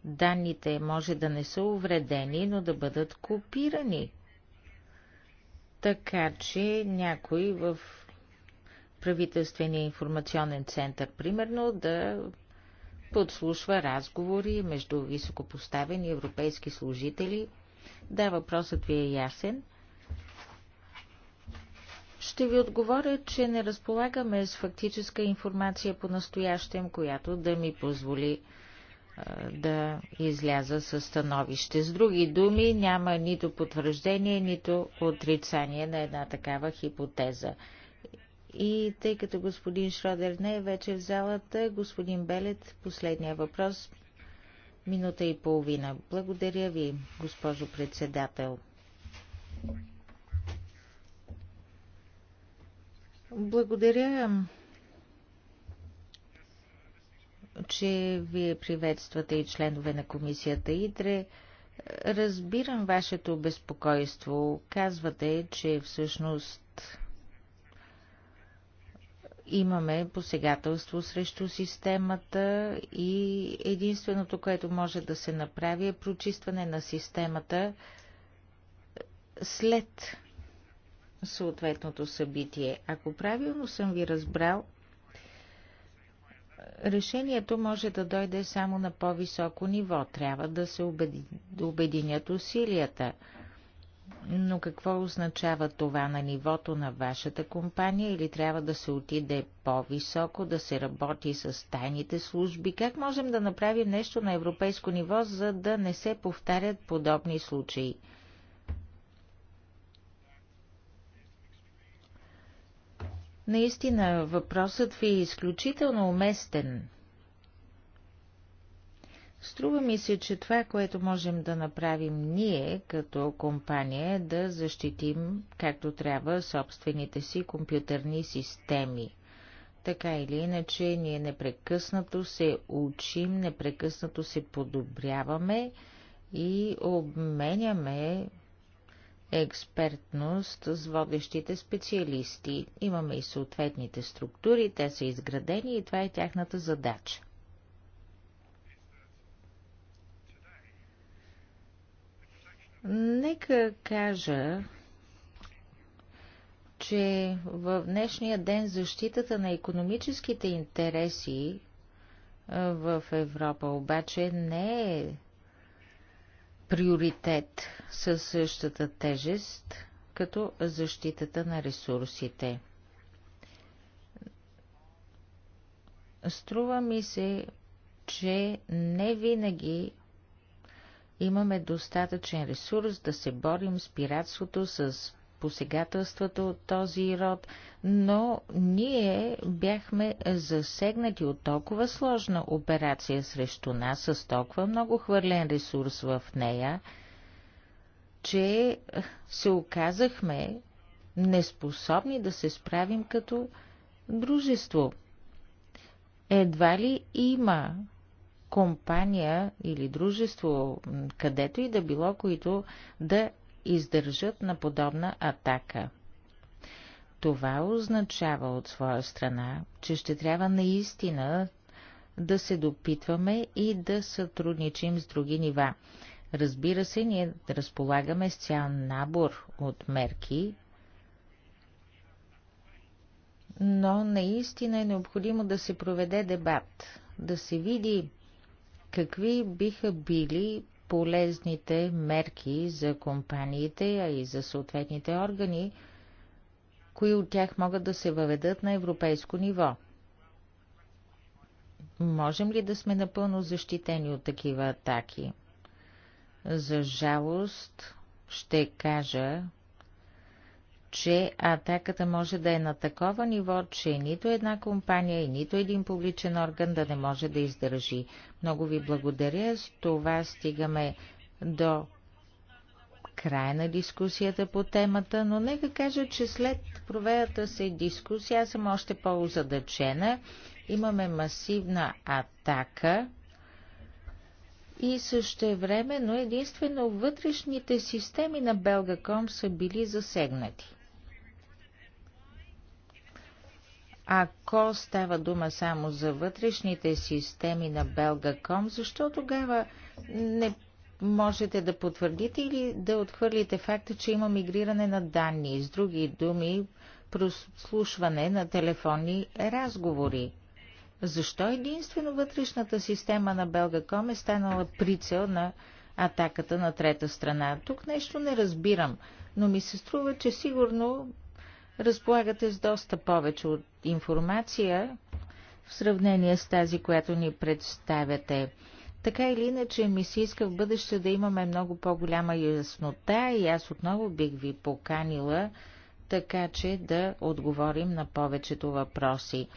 Данните може да не са увредени, но да бъдат копирани. Така че някой в правителствения информационен център, примерно, да подслушва разговори между високопоставени европейски служители. Да, въпросът ви е ясен. Ще ви отговоря, че не разполагаме с фактическа информация по настоящем, която да ми позволи да изляза със становище. С други думи, няма нито потвърждение, нито отрицание на една такава хипотеза. И тъй като господин Шродер не е вече в залата, господин Белет, последния въпрос, минута и половина. Благодаря ви, госпожо председател. Благодаря че вие приветствате и членове на комисията ИДРЕ. Разбирам вашето безпокойство. Казвате, че всъщност имаме посегателство срещу системата и единственото, което може да се направи е прочистване на системата след съответното събитие. Ако правилно съм ви разбрал, решението може да дойде само на по-високо ниво. Трябва да се обединят усилията. Но какво означава това на нивото на вашата компания или трябва да се отиде по-високо, да се работи с тайните служби? Как можем да направим нещо на европейско ниво, за да не се повтарят подобни случаи? Наистина, въпросът ви е изключително уместен. Струва ми се, че това, което можем да направим ние като компания е да защитим както трябва собствените си компютърни системи. Така или иначе, ние непрекъснато се учим, непрекъснато се подобряваме и обменяме експертност с водещите специалисти. Имаме и съответните структури, те са изградени и това е тяхната задача. Нека кажа, че в днешния ден защитата на економическите интереси в Европа обаче не е приоритет със същата тежест, като защитата на ресурсите. Струва ми се, че не винаги имаме достатъчен ресурс да се борим с пиратството, с посегателствата от този род, но ние бяхме засегнати от толкова сложна операция срещу нас, с толкова много хвърлен ресурс в нея, че се оказахме неспособни да се справим като дружество. Едва ли има компания или дружество, където и да било, които да издържат на подобна атака. Това означава от своя страна, че ще трябва наистина да се допитваме и да сътрудничим с други нива. Разбира се, ние разполагаме с цял набор от мерки, но наистина е необходимо да се проведе дебат, да се види какви биха били полезните мерки за компаниите, а и за съответните органи, кои от тях могат да се въведат на европейско ниво. Можем ли да сме напълно защитени от такива атаки? За жалост ще кажа, че атаката може да е на такова ниво, че нито една компания и нито един публичен орган да не може да издържи. Много ви благодаря. С това стигаме до края на дискусията по темата, но нека кажа, че след проведата се дискусия аз съм още по-озадачена. Имаме масивна атака и също време, но единствено вътрешните системи на Белгаком са били засегнати. Ако става дума само за вътрешните системи на Belga.com, защо тогава не можете да потвърдите или да отхвърлите факта, че има мигриране на данни, с други думи, прослушване на телефонни разговори? Защо единствено вътрешната система на Белгаком е станала прицел на атаката на трета страна? Тук нещо не разбирам, но ми се струва, че сигурно разполагате с доста повече от информация в сравнение с тази, която ни представяте. Така или иначе ми се иска в бъдеще да имаме много по-голяма яснота и аз отново бих ви поканила, така че да отговорим на повечето въпроси.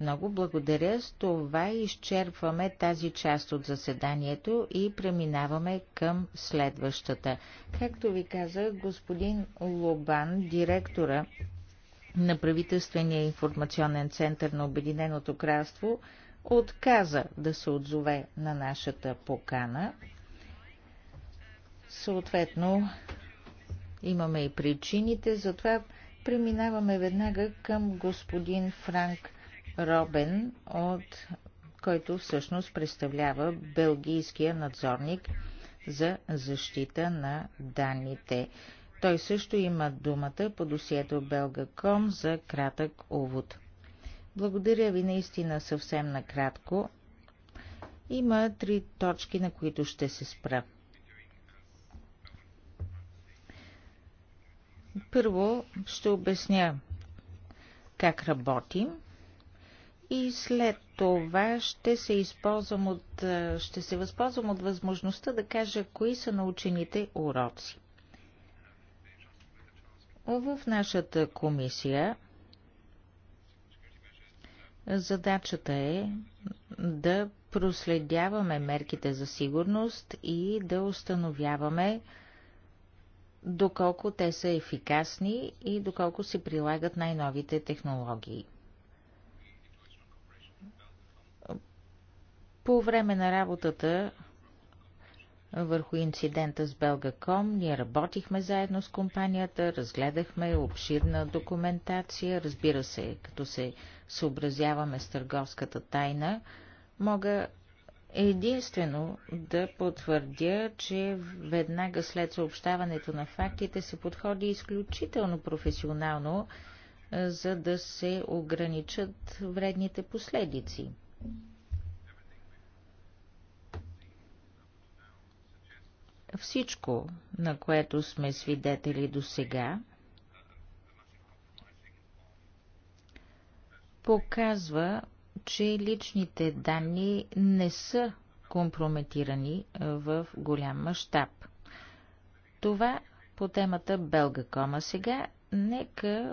Много благодаря. С това изчерпваме тази част от заседанието и преминаваме към следващата. Както ви каза господин Лобан, директора на правителствения информационен център на Обединеното кралство отказа да се отзове на нашата покана. Съответно, имаме и причините, затова преминаваме веднага към господин Франк Робен, от който всъщност представлява белгийския надзорник за защита на данните. Той също има думата по досието Белгаком за кратък увод. Благодаря ви наистина съвсем накратко. Има три точки, на които ще се спра. Първо ще обясня как работим и след това ще се, използвам от, ще се възползвам от възможността да кажа кои са научените уроци. В нашата комисия задачата е да проследяваме мерките за сигурност и да установяваме доколко те са ефикасни и доколко се прилагат най-новите технологии. По време на работата върху инцидента с Белгаком. Ние работихме заедно с компанията, разгледахме обширна документация. Разбира се, като се съобразяваме с търговската тайна, мога единствено да потвърдя, че веднага след съобщаването на фактите се подходи изключително професионално, за да се ограничат вредните последици. Всичко, на което сме свидетели до сега, показва, че личните данни не са компрометирани в голям мащаб. Това по темата Белгакома. Сега нека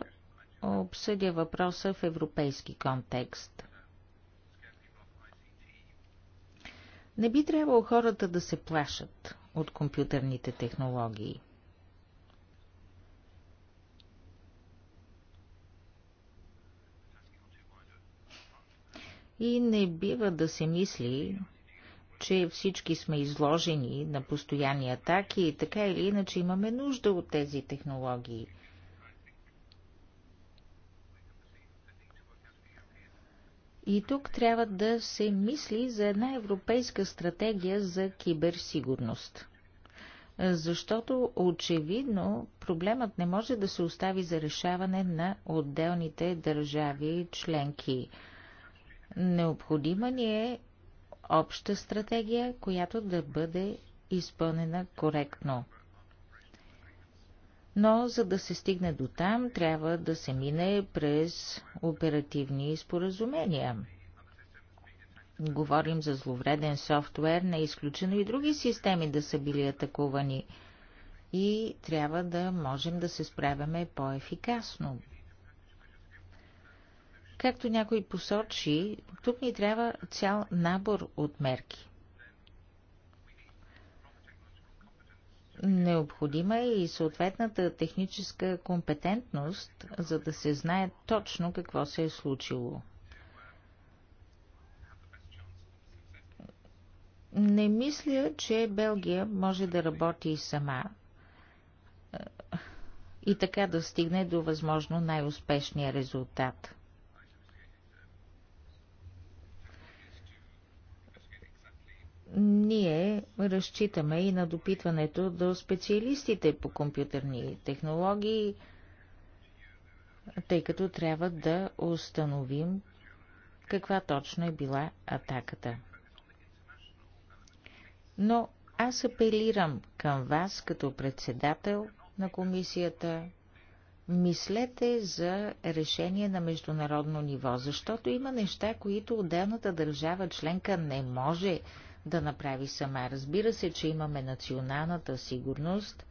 обсъдя въпроса в европейски контекст. Не би трябвало хората да се плашат от компютърните технологии. И не бива да се мисли, че всички сме изложени на постоянни атаки и така или иначе имаме нужда от тези технологии – И тук трябва да се мисли за една европейска стратегия за киберсигурност. Защото очевидно проблемът не може да се остави за решаване на отделните държави членки. Необходима ни е обща стратегия, която да бъде изпълнена коректно но за да се стигне до там, трябва да се мине през оперативни споразумения. Говорим за зловреден софтуер, не е изключено и други системи да са били атакувани и трябва да можем да се справяме по-ефикасно. Както някой посочи, тук ни трябва цял набор от мерки. Необходима е и съответната техническа компетентност, за да се знае точно какво се е случило. Не мисля, че Белгия може да работи сама е, и така да стигне до възможно най-успешния резултат. ние разчитаме и на допитването до специалистите по компютърни технологии, тъй като трябва да установим каква точно е била атаката. Но аз апелирам към вас като председател на комисията, мислете за решение на международно ниво, защото има неща, които отделната държава членка не може да направи сама. Разбира се, че имаме националната сигурност,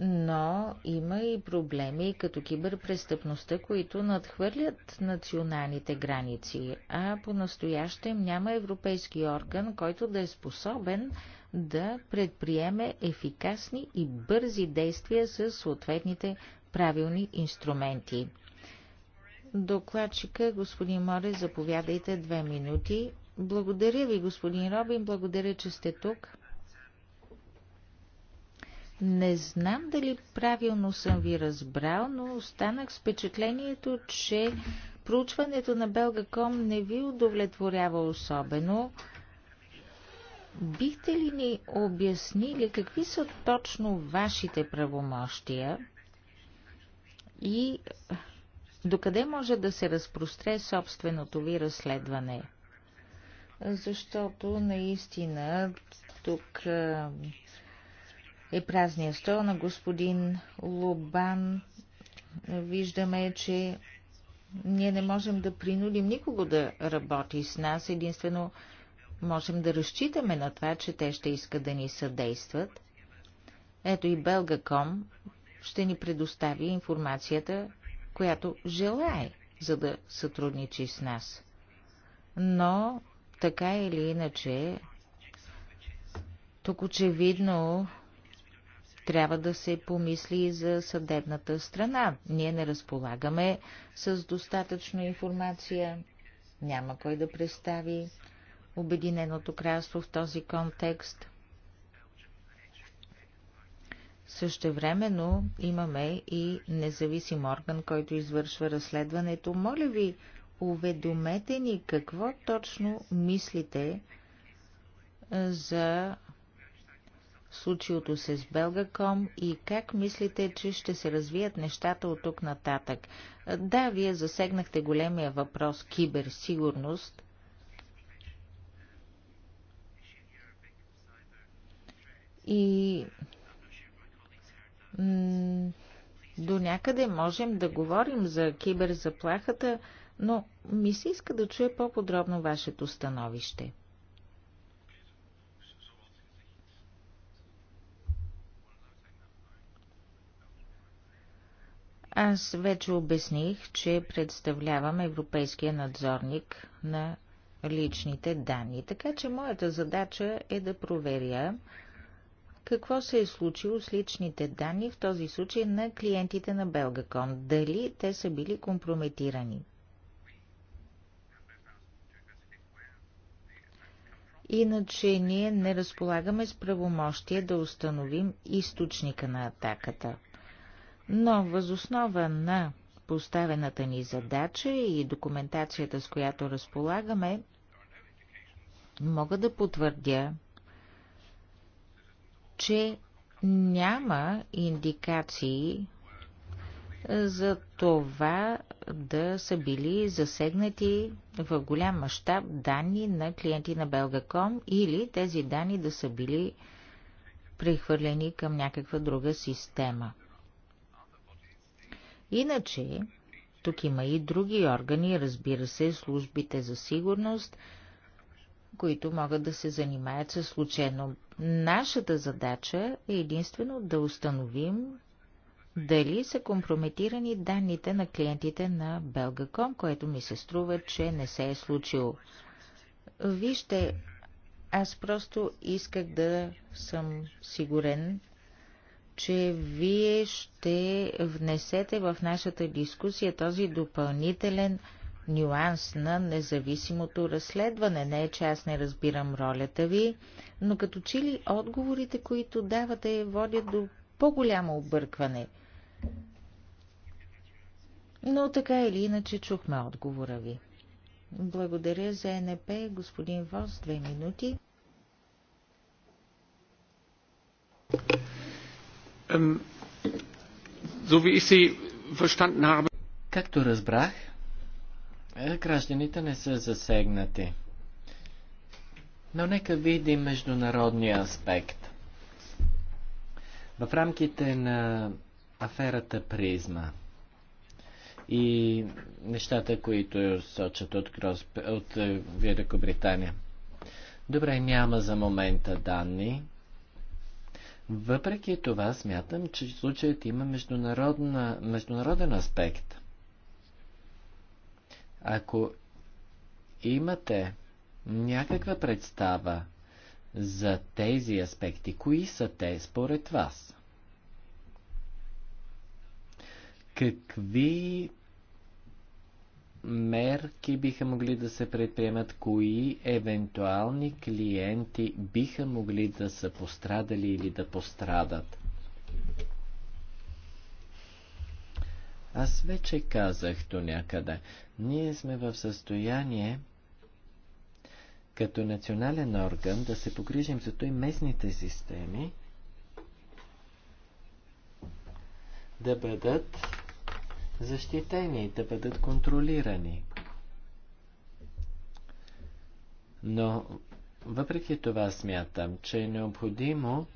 но има и проблеми като киберпрестъпността, които надхвърлят националните граници, а по-настоящем няма европейски орган, който да е способен да предприеме ефикасни и бързи действия с съответните правилни инструменти. Докладчика, господин Море, заповядайте две минути благодаря ви, господин Робин. Благодаря, че сте тук. Не знам дали правилно съм ви разбрал, но останах с впечатлението, че проучването на Белгаком не ви удовлетворява особено. Бихте ли ни обяснили какви са точно вашите правомощия и докъде може да се разпростре собственото ви разследване? защото наистина тук е празния стол на господин Лобан. Виждаме, че ние не можем да принудим никого да работи с нас. Единствено можем да разчитаме на това, че те ще искат да ни съдействат. Ето и Белгаком ще ни предостави информацията, която желае, за да сътрудничи с нас. Но така или иначе, тук очевидно трябва да се помисли и за съдебната страна. Ние не разполагаме с достатъчно информация, няма кой да представи Обединеното кралство в този контекст. Същевременно имаме и независим орган, който извършва разследването. Моля ви, уведомете ни какво точно мислите за случилото се с Белгаком и как мислите, че ще се развият нещата от тук нататък. Да, вие засегнахте големия въпрос киберсигурност. И до някъде можем да говорим за киберзаплахата, но ми се иска да чуя по-подробно вашето становище. Аз вече обясних, че представлявам европейския надзорник на личните данни, така че моята задача е да проверя какво се е случило с личните данни в този случай на клиентите на Белгакон, дали те са били компрометирани. Иначе ние не разполагаме с правомощие да установим източника на атаката. Но възоснова на поставената ни задача и документацията, с която разполагаме, мога да потвърдя, че няма индикации за това да са били засегнати в голям мащаб данни на клиенти на Belgacom или тези данни да са били прехвърлени към някаква друга система. Иначе, тук има и други органи, разбира се, службите за сигурност, които могат да се занимаят със случайно. Нашата задача е единствено да установим дали са компрометирани данните на клиентите на Belgacom, което ми се струва, че не се е случило. Вижте, аз просто исках да съм сигурен, че вие ще внесете в нашата дискусия този допълнителен нюанс на независимото разследване. Не, че аз не разбирам ролята ви, но като че ли отговорите, които давате, водят до по-голямо объркване – но така или иначе чухме отговора ви. Благодаря за НП, господин Вос, две минути. Както разбрах, е, гражданите не са засегнати. Но нека видим международния аспект. В рамките на аферата Призма и нещата, които сочат от, Кросп... от е, Великобритания. Добре, няма за момента данни. Въпреки това смятам, че случаят има международна, международен аспект. Ако имате някаква представа за тези аспекти, кои са те според вас? Какви мерки биха могли да се предприемат, кои евентуални клиенти биха могли да са пострадали или да пострадат? Аз вече казах то някъде. Ние сме в състояние като национален орган да се погрижим за той местните системи да бъдат защитени, да бъдат контролирани. Но въпреки това смятам, че е необходимо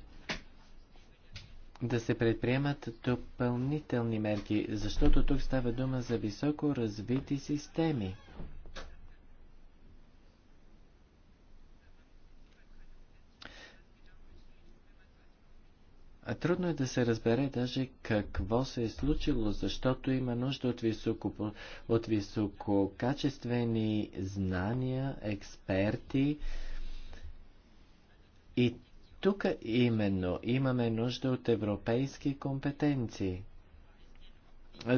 да се предприемат допълнителни мерки, защото тук става дума за високо развити системи. Трудно е да се разбере даже какво се е случило, защото има нужда от, високо, от висококачествени знания, експерти. И тук именно имаме нужда от европейски компетенции.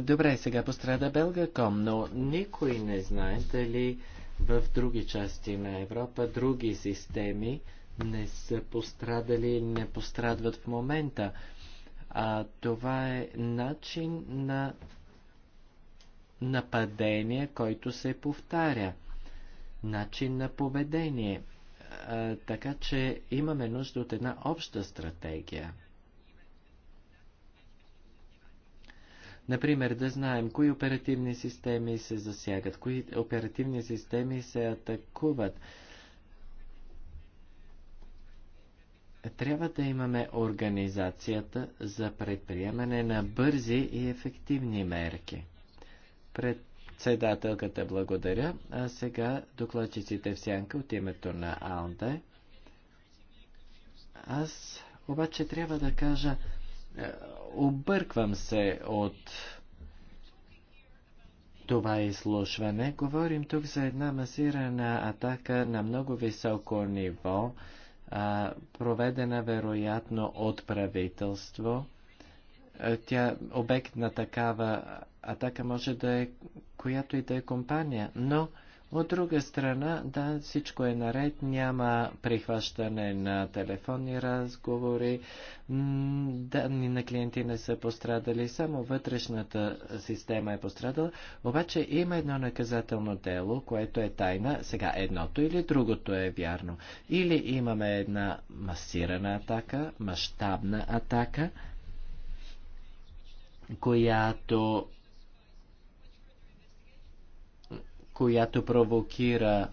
Добре, сега пострада Белгаком, но никой не знае дали в други части на Европа други системи не са пострадали, не пострадват в момента. А това е начин на нападение, който се повтаря. Начин на поведение. А, така че имаме нужда от една обща стратегия. Например, да знаем кои оперативни системи се засягат, кои оперативни системи се атакуват. трябва да имаме организацията за предприемане на бързи и ефективни мерки. Председателката благодаря, а сега докладчиците в сянка от името на АЛДЕ. Аз обаче трябва да кажа, е, обърквам се от това изслушване. Говорим тук за една масирана атака на много високо ниво а, проведена вероятно от правителство. Тя обект на такава атака може да е която и да е компания, но от друга страна, да, всичко е наред, няма прихващане на телефонни разговори, данни на клиенти не са пострадали, само вътрешната система е пострадала, обаче има едно наказателно дело, което е тайна, сега едното или другото е вярно. Или имаме една масирана атака, мащабна атака, която която провокира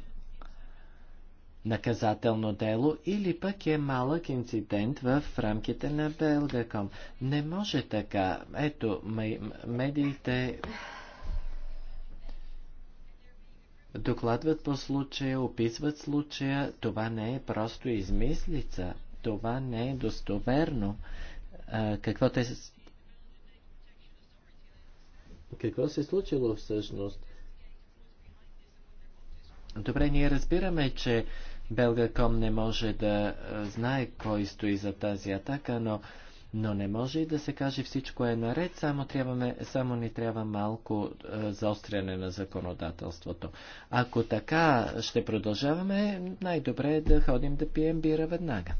наказателно дело или пък е малък инцидент в рамките на Белгаком. Не може така. Ето, медиите докладват по случая, описват случая. Това не е просто измислица. Това не е достоверно. А, какво те... Какво се е случило всъщност? Добре, ние разбираме, че Белгаком не може да е, знае кой стои за тази атака, но, но не може и да се каже всичко е наред, само, трябваме, само ни трябва малко е, заостряне на законодателството. Ако така ще продължаваме, най-добре е да ходим да пием бира веднага.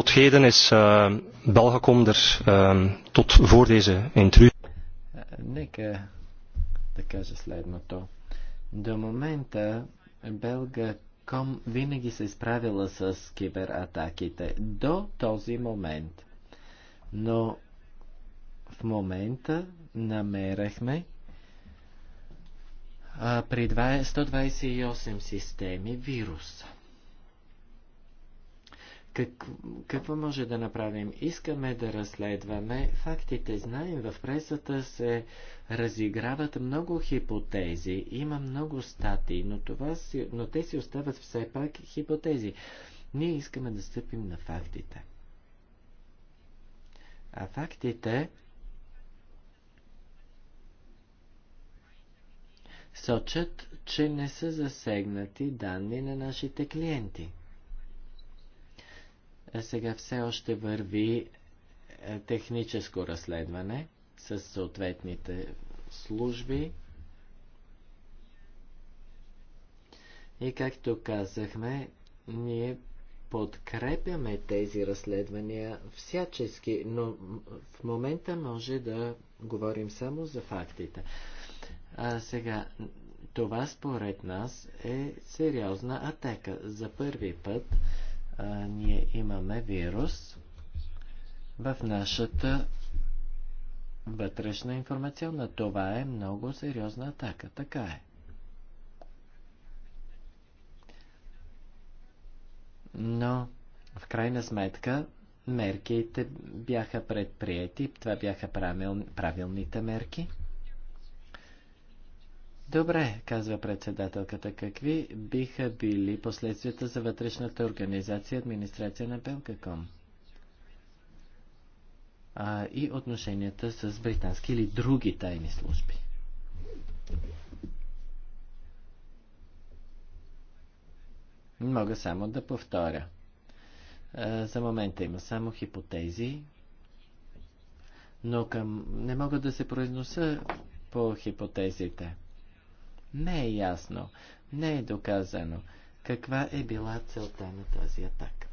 Tot heden is uh, Belgacom er uh, tot voor deze intrusie. Нека да кажа следното. До момента Белга Ком винаги се изправила с кибератаките. До този момент. Но в момента намерахме а, при 128 системи вируса. Как, какво може да направим? Искаме да разследваме фактите. Знаем, в пресата се разиграват много хипотези, има много статии, но, това си, но те си остават все пак хипотези. Ние искаме да стъпим на фактите. А фактите сочат, че не са засегнати данни на нашите клиенти – е, сега все още върви е, техническо разследване с съответните служби. И както казахме, ние подкрепяме тези разследвания всячески, но в момента може да говорим само за фактите. А сега, това според нас е сериозна атака. За първи път а, ние имаме вирус в нашата вътрешна информационна. Това е много сериозна атака. Така е. Но, в крайна сметка, мерките бяха предприяти. Това бяха правил, правилните мерки. Добре, казва председателката, какви биха били последствията за вътрешната организация и администрация на Белкаком. А, и отношенията с британски или други тайни служби? Мога само да повторя. За момента има само хипотези, но към... не мога да се произноса по хипотезите. Не е ясно, не е доказано каква е била целта на тази атака.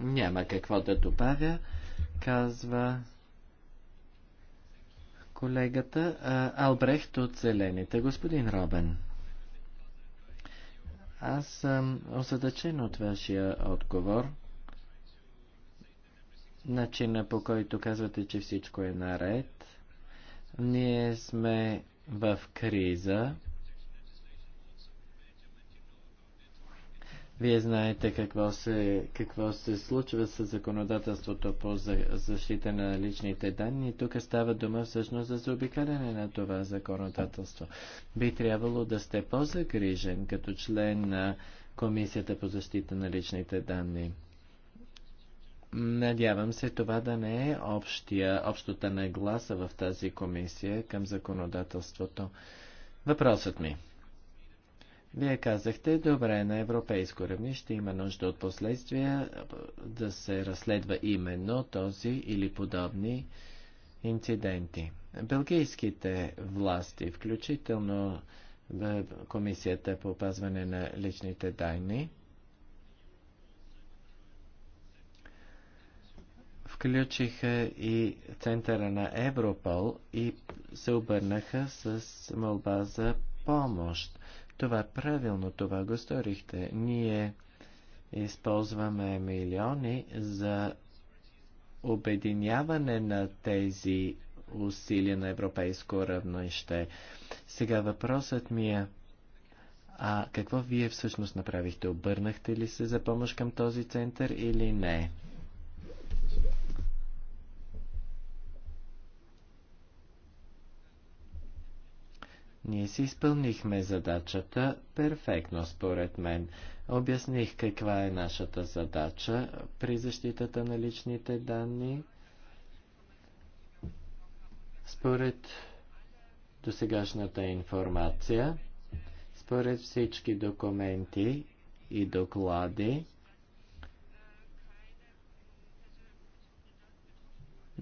Няма какво да добавя, казва колегата а, Албрехт от Зелените, господин Робен. Аз съм озадачен от вашия отговор начина по който казвате, че всичко е наред. Ние сме в криза. Вие знаете какво се, какво се случва с законодателството по защита на личните данни. Тук става дума всъщност за заобикаляне на това законодателство. Би трябвало да сте по-загрижен като член на Комисията по защита на личните данни. Надявам се това да не е общия, общата нагласа в тази комисия към законодателството. Въпросът ми. Вие казахте, добре, на европейско равнище има нужда от последствия да се разследва именно този или подобни инциденти. Белгийските власти, включително е, Комисията по опазване на личните данни, включиха и центъра на Европол и се обърнаха с молба за помощ. Това правилно, това го сторихте. Ние използваме милиони за обединяване на тези усилия на европейско равнище. Сега въпросът ми е, а какво вие всъщност направихте? Обърнахте ли се за помощ към този център или не? Ние си изпълнихме задачата перфектно, според мен. Обясних каква е нашата задача при защитата на личните данни. Според досегашната информация, според всички документи и доклади,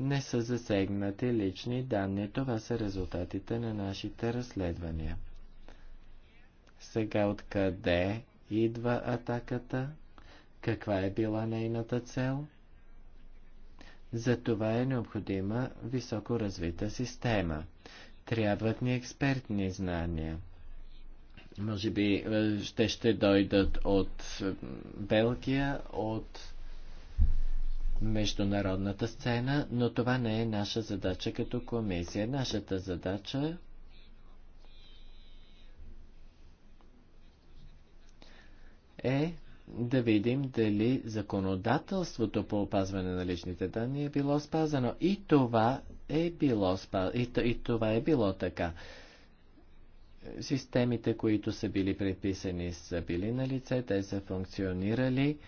не са засегнати лични данни. Това са резултатите на нашите разследвания. Сега откъде идва атаката? Каква е била нейната цел? За това е необходима високо развита система. Трябват ни експертни знания. Може би те ще дойдат от Белгия, от международната сцена, но това не е наша задача като комисия. Нашата задача е да видим дали законодателството по опазване на личните данни е било спазано. И това е било, спаз... и, и това е било така. Системите, които са били предписани, са били на лице, те са функционирали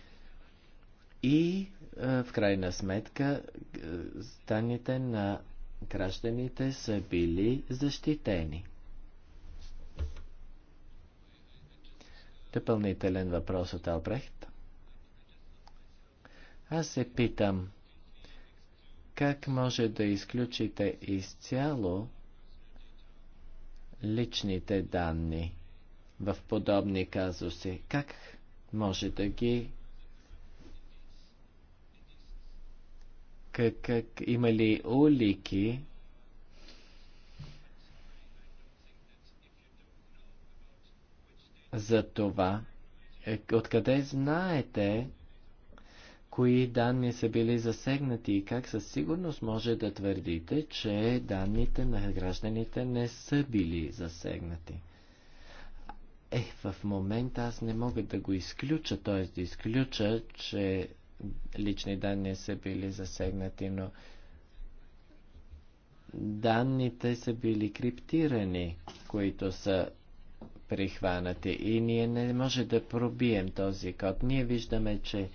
и в крайна сметка станите на гражданите са били защитени. Допълнителен въпрос от Албрехт. Аз се питам, как може да изключите изцяло личните данни в подобни казуси? Как може да ги как, как има ли улики за това? Е, откъде знаете кои данни са били засегнати и как със сигурност може да твърдите, че данните на гражданите не са били засегнати? Е, в момента аз не мога да го изключа, т.е. да изключа, че лични данни са били засегнати, но данните са били криптирани, които са прихванати и ние не може да пробием този код. Ние виждаме, че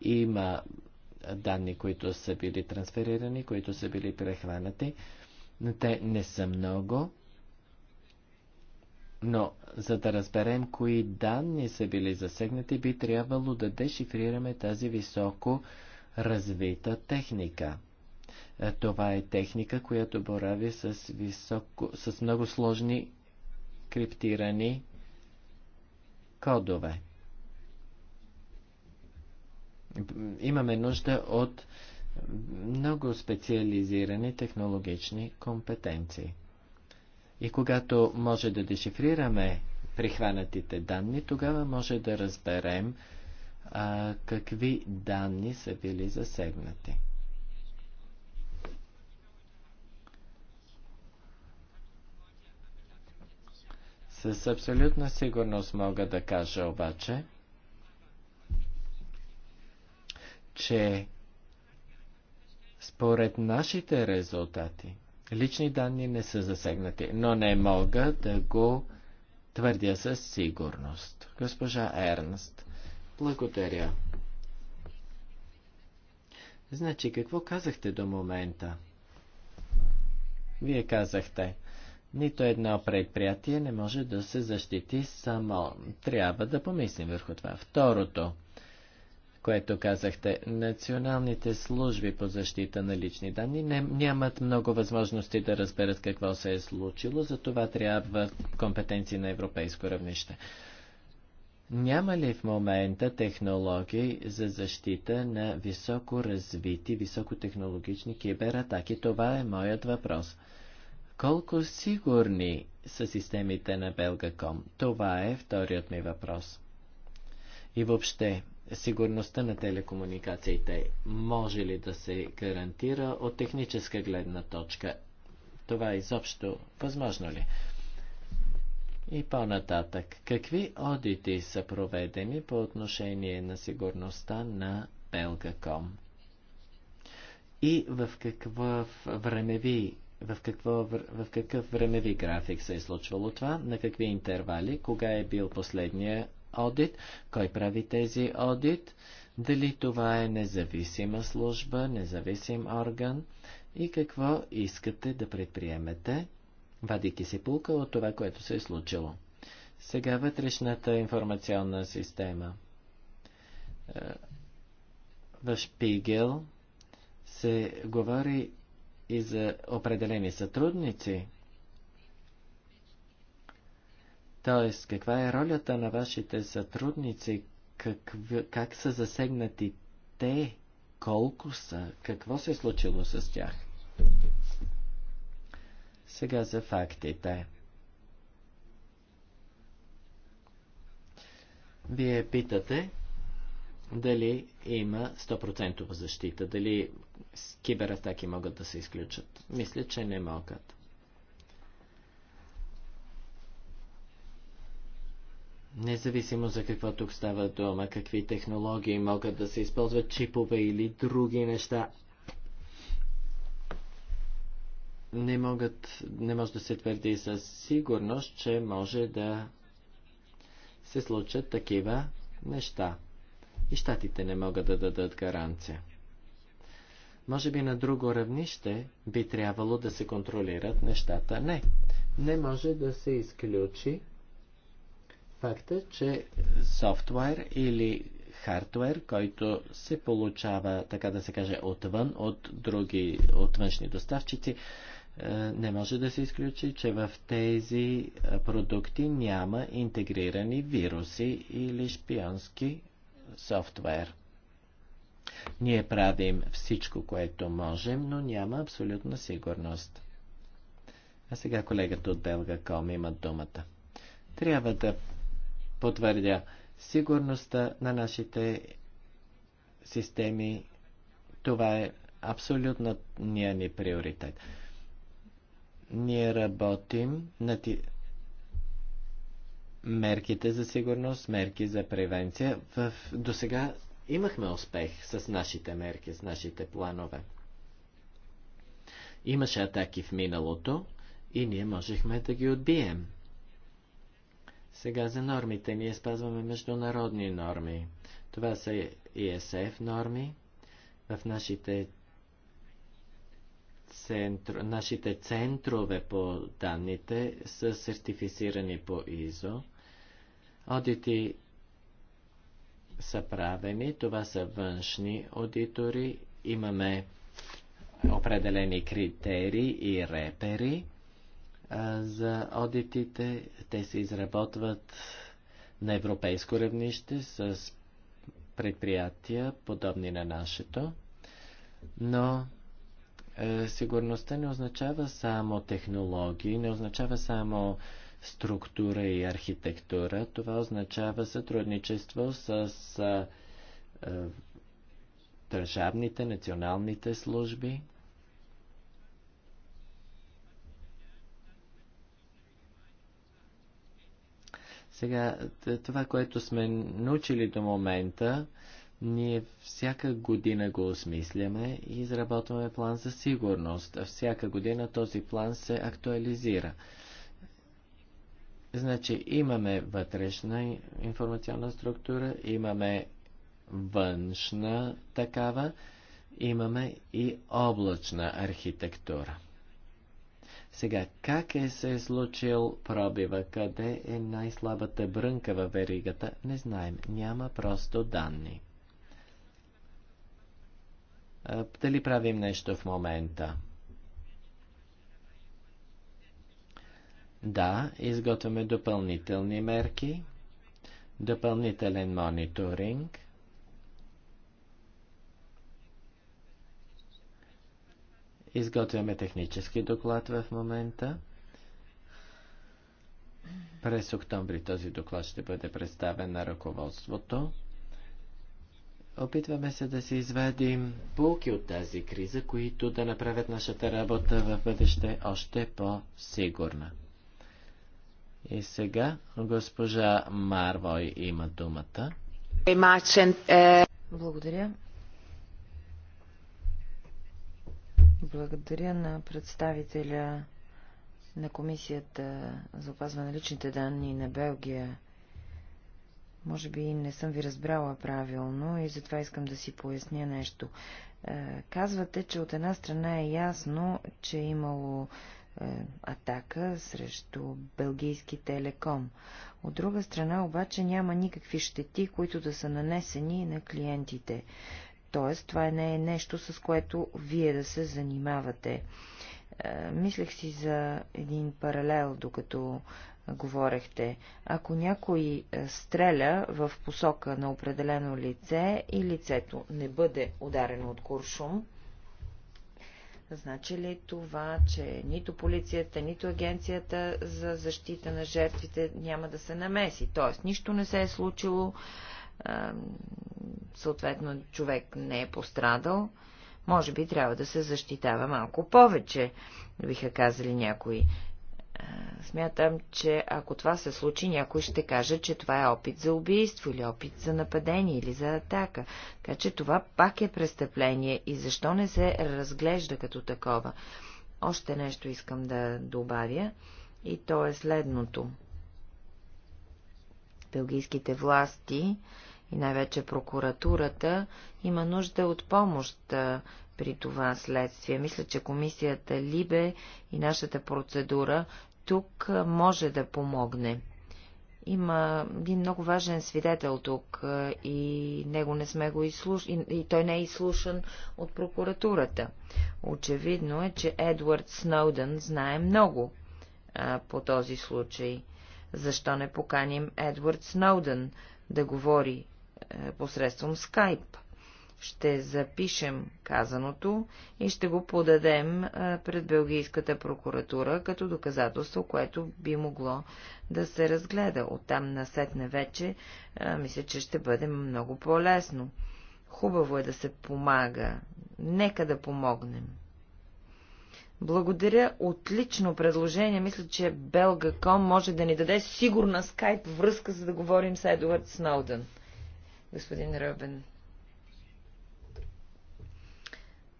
има данни, които са били трансферирани, които са били прехванати, но те не са много. Но за да разберем кои данни са били засегнати, би трябвало да дешифрираме тази високо развита техника. Е, това е техника, която борави с, високо, с много сложни криптирани кодове. Имаме нужда от много специализирани технологични компетенции. И когато може да дешифрираме прихванатите данни, тогава може да разберем а, какви данни са били засегнати. С абсолютна сигурност мога да кажа обаче, че според нашите резултати – Лични данни не са засегнати, но не мога да го твърдя със сигурност. Госпожа Ернст, благодаря. Значи, какво казахте до момента? Вие казахте, нито едно предприятие не може да се защити само. Трябва да помислим върху това. Второто – което казахте. Националните служби по защита на лични данни не, нямат много възможности да разберат какво се е случило, за това трябва компетенции на европейско равнище. Няма ли в момента технологии за защита на високо развити, високотехнологични кибератаки? Това е моят въпрос. Колко сигурни са системите на Белгаком? Това е вторият ми въпрос. И въобще, сигурността на телекомуникациите може ли да се гарантира от техническа гледна точка? Това е изобщо възможно ли? И по-нататък, какви одити са проведени по отношение на сигурността на Белгаком? И в, какъв времеви, в, какво, в какъв времеви график се е случвало това? На какви интервали? Кога е бил последния одит, кой прави тези одит, дали това е независима служба, независим орган и какво искате да предприемете, вадики се пулка от това, което се е случило. Сега вътрешната информационна система. Е, в Шпигел се говори и за определени сътрудници, Тоест, каква е ролята на вашите сътрудници? Как, как са засегнати те? Колко са? Какво се е случило с тях? Сега за фактите. Вие питате дали има 100% защита, дали кибератаки могат да се изключат. Мисля, че не могат. Независимо за какво тук става дума, какви технологии могат да се използват, чипове или други неща, не, могат, не може да се твърди със сигурност, че може да се случат такива неща. И щатите не могат да дадат гаранция. Може би на друго равнище би трябвало да се контролират нещата. Не. Не може да се изключи факта, че софтуер или хардуер, който се получава, така да се каже, отвън, от други, от външни доставчици, е, не може да се изключи, че в тези продукти няма интегрирани вируси или шпионски софтуер. Ние правим всичко, което можем, но няма абсолютна сигурност. А сега колегата от Белгаком има думата. Трябва да потвърдя. Сигурността на нашите системи, това е абсолютно ние ни приоритет. Ние работим на ти... мерките за сигурност, мерки за превенция. В... До сега имахме успех с нашите мерки, с нашите планове. Имаше атаки в миналото и ние можехме да ги отбием. Сега за нормите. Ние спазваме международни норми. Това са ИСФ норми. В нашите, центр... нашите центрове по данните са сертифицирани по ИЗО. Одити са правени. Това са външни аудитори. Имаме определени критерии и репери за одитите. Те се изработват на европейско равнище с предприятия, подобни на нашето, но е, сигурността не означава само технологии, не означава само структура и архитектура, това означава сътрудничество с е, държавните, националните служби, Сега, това, което сме научили до момента, ние всяка година го осмисляме и изработваме план за сигурност. Всяка година този план се актуализира. Значи имаме вътрешна информационна структура, имаме външна такава, имаме и облачна архитектура. Сега, как е се е случил пробива? Къде е най-слабата брънка във веригата? Не знаем. Няма просто данни. А, дали правим нещо в момента? Да, изготвяме допълнителни мерки, допълнителен мониторинг – Изготвяме технически доклад в момента. През октомври този доклад ще бъде представен на ръководството. Опитваме се да се извадим полки от тази криза, които да направят нашата работа в бъдеще още по-сигурна. И сега госпожа Марвой има думата. Uh, Благодаря. Благодаря на представителя на Комисията за опазване на личните данни на Белгия. Може би не съм ви разбрала правилно и затова искам да си поясня нещо. Е, казвате, че от една страна е ясно, че е имало е, атака срещу Белгийски телеком. От друга страна обаче няма никакви щети, които да са нанесени на клиентите. Т.е. това не е нещо, с което вие да се занимавате. Е, мислех си за един паралел, докато говорехте. Ако някой е, стреля в посока на определено лице и лицето не бъде ударено от куршум, Значи ли това, че нито полицията, нито агенцията за защита на жертвите няма да се намеси? Тоест, нищо не се е случило, съответно човек не е пострадал, може би трябва да се защитава малко повече, биха казали някои. Смятам, че ако това се случи, някой ще каже, че това е опит за убийство или опит за нападение или за атака. Така че това пак е престъпление и защо не се разглежда като такова? Още нещо искам да добавя и то е следното белгийските власти и най-вече прокуратурата има нужда от помощ при това следствие. Мисля, че комисията Либе и нашата процедура тук може да помогне. Има един много важен свидетел тук и него не сме го изслуш... и, той не е изслушан от прокуратурата. Очевидно е, че Едвард Сноуден знае много а, по този случай. Защо не поканим Едвард Сноуден да говори е, посредством скайп? Ще запишем казаното и ще го подадем е, пред Белгийската прокуратура като доказателство, което би могло да се разгледа. Оттам насетне вече, е, мисля, че ще бъде много по-лесно. Хубаво е да се помага. Нека да помогнем. Благодаря. Отлично предложение. Мисля, че Belga.com може да ни даде сигурна скайп връзка, за да говорим с Едуард Сноуден. Господин Ръбен.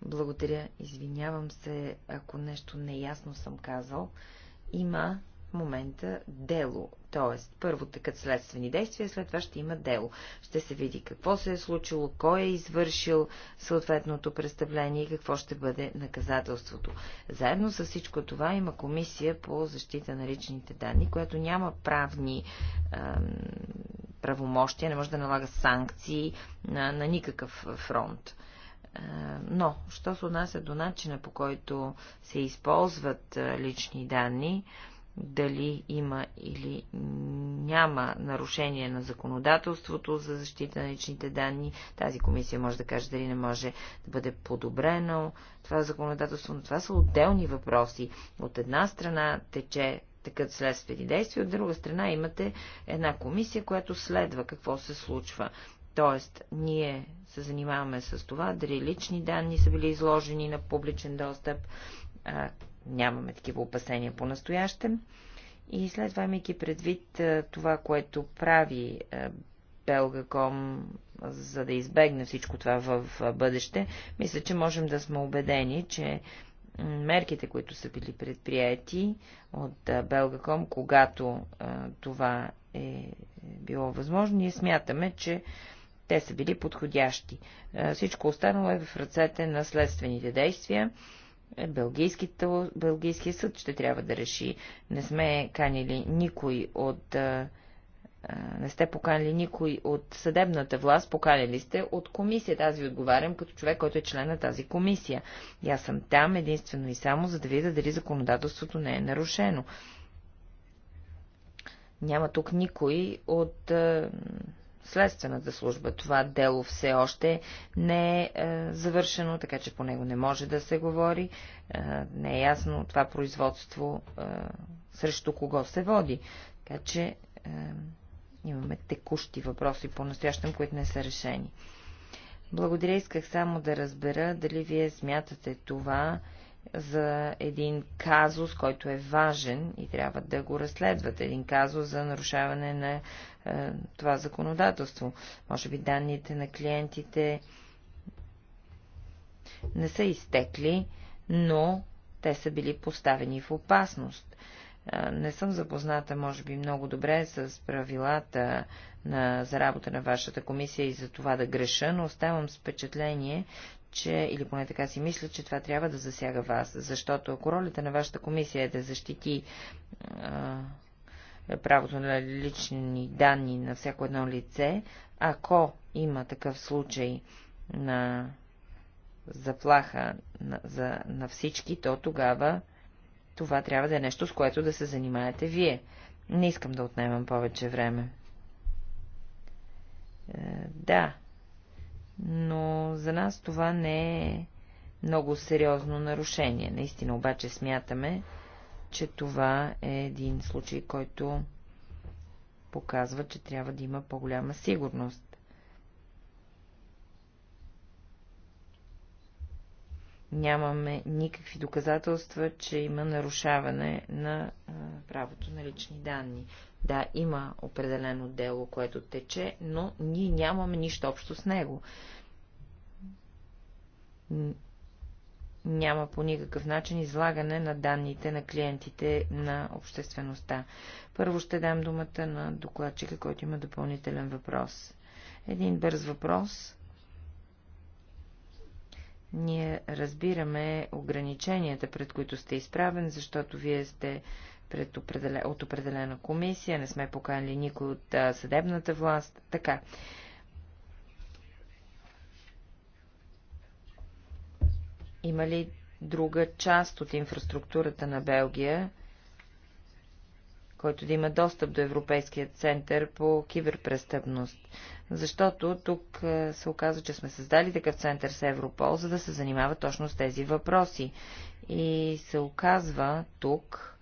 Благодаря. Извинявам се, ако нещо неясно съм казал. Има момента дело. т.е. първо текат следствени действия, след това ще има дело. Ще се види какво се е случило, кой е извършил съответното представление и какво ще бъде наказателството. Заедно с всичко това има комисия по защита на личните данни, която няма правни ам, правомощия, не може да налага санкции на, на никакъв фронт. Но, що се отнася до начина по който се използват лични данни, дали има или няма нарушение на законодателството за защита на личните данни. Тази комисия може да каже дали не може да бъде подобрено това законодателство, но това са отделни въпроси. От една страна тече такът следствени действия, от друга страна имате една комисия, която следва какво се случва. Тоест, ние се занимаваме с това, дали лични данни са били изложени на публичен достъп, Нямаме такива опасения по-настоящем. И след това, имайки предвид това, което прави Белгаком, за да избегне всичко това в бъдеще, мисля, че можем да сме убедени, че мерките, които са били предприяти от Белгаком, когато това е било възможно, ние смятаме, че те са били подходящи. Всичко останало е в ръцете на следствените действия е Белгийския съд ще трябва да реши. Не сме канили никой от. не сте поканили никой от съдебната власт, поканили сте от комисията. Аз ви отговарям като човек, който е член на тази комисия. И аз съм там единствено и само, за да видя дали законодателството не е нарушено. Няма тук никой от следствената служба. Това дело все още не е, е завършено, така че по него не може да се говори. Е, не е ясно това производство е, срещу кого се води. Така че е, имаме текущи въпроси по-настоящем, които не са решени. Благодаря, исках само да разбера дали вие смятате това за един казус, който е важен и трябва да го разследват. Един казус за нарушаване на е, това законодателство. Може би данните на клиентите не са изтекли, но те са били поставени в опасност. Не съм запозната, може би, много добре с правилата на, за работа на вашата комисия и за това да греша, но оставам с впечатление, че, или поне така си мисля, че това трябва да засяга вас, защото ако ролята на вашата комисия е да защити а, правото на лични данни на всяко едно лице, ако има такъв случай на заплаха на, за, на всички, то тогава това трябва да е нещо, с което да се занимаете вие. Не искам да отнемам повече време. Е, да, но за нас това не е много сериозно нарушение. Наистина обаче смятаме, че това е един случай, който показва, че трябва да има по-голяма сигурност. нямаме никакви доказателства, че има нарушаване на правото на лични данни. Да, има определено дело, което тече, но ние нямаме нищо общо с него. Няма по никакъв начин излагане на данните на клиентите на обществеността. Първо ще дам думата на докладчика, който има допълнителен въпрос. Един бърз въпрос ние разбираме ограниченията, пред които сте изправен, защото вие сте пред определен, от определена комисия, не сме поканили никой от а, съдебната власт, така. Има ли друга част от инфраструктурата на Белгия, който да има достъп до Европейския център по киберпрестъпност. Защото тук се оказва, че сме създали такъв център с Европол, за да се занимава точно с тези въпроси. И се оказва тук,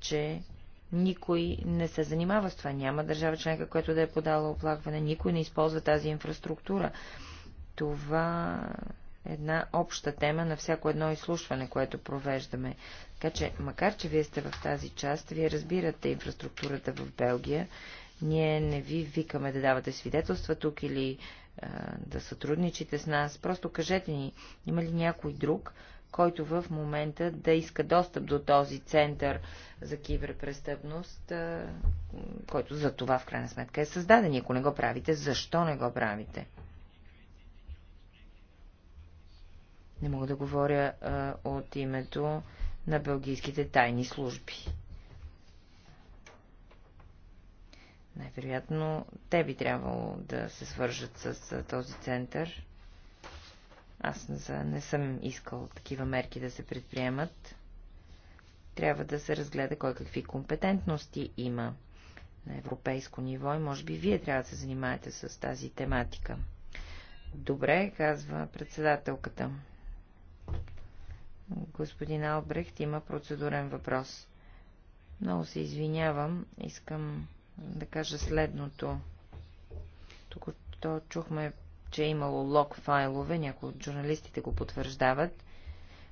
че никой не се занимава с това. Няма държава членка, която да е подала оплакване. Никой не използва тази инфраструктура. Това една обща тема на всяко едно изслушване, което провеждаме. Така че, макар че вие сте в тази част, вие разбирате инфраструктурата в Белгия. Ние не ви викаме да давате свидетелства тук или а, да сътрудничите с нас. Просто кажете ни, има ли някой друг, който в момента да иска достъп до този център за киберпрестъпност, който за това в крайна сметка е създаден. Ако не го правите, защо не го правите? Не мога да говоря а, от името на белгийските тайни служби. Най-вероятно те би трябвало да се свържат с а, този център. Аз не, не съм искал такива мерки да се предприемат. Трябва да се разгледа кой какви компетентности има на европейско ниво и може би вие трябва да се занимаете с тази тематика. Добре, казва председателката. Господин Албрехт има процедурен въпрос. Много се извинявам. Искам да кажа следното. Тук то чухме, че е имало лог файлове, някои от журналистите го потвърждават,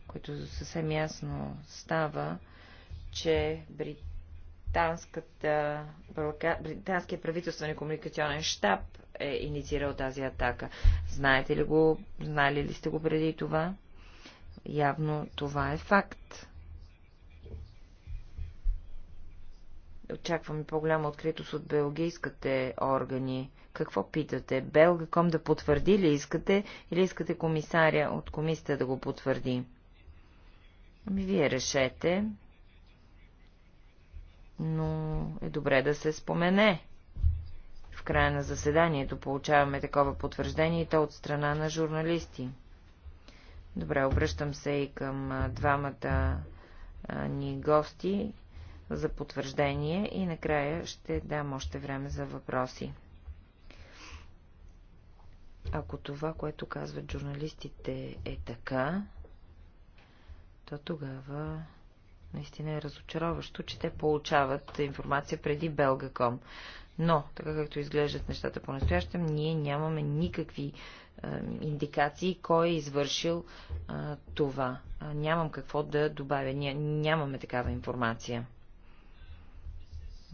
които съвсем ясно става, че британският правителствен и комуникационен штаб е инициирал тази атака. Знаете ли го? Знали ли сте го преди това? Явно това е факт. Очакваме по-голяма откритост от белгийските органи. Какво питате? Белгаком да потвърди ли искате или искате комисаря от комисията да го потвърди? Ами вие решете, но е добре да се спомене. В края на заседанието получаваме такова потвърждение и то от страна на журналисти. Добре, обръщам се и към двамата ни гости за потвърждение и накрая ще дам още време за въпроси. Ако това, което казват журналистите е така, то тогава наистина е разочароващо, че те получават информация преди Белгаком. Но, така както изглеждат нещата по-настоящем, ние нямаме никакви индикации кой е извършил това. нямам какво да добавя. нямаме такава информация.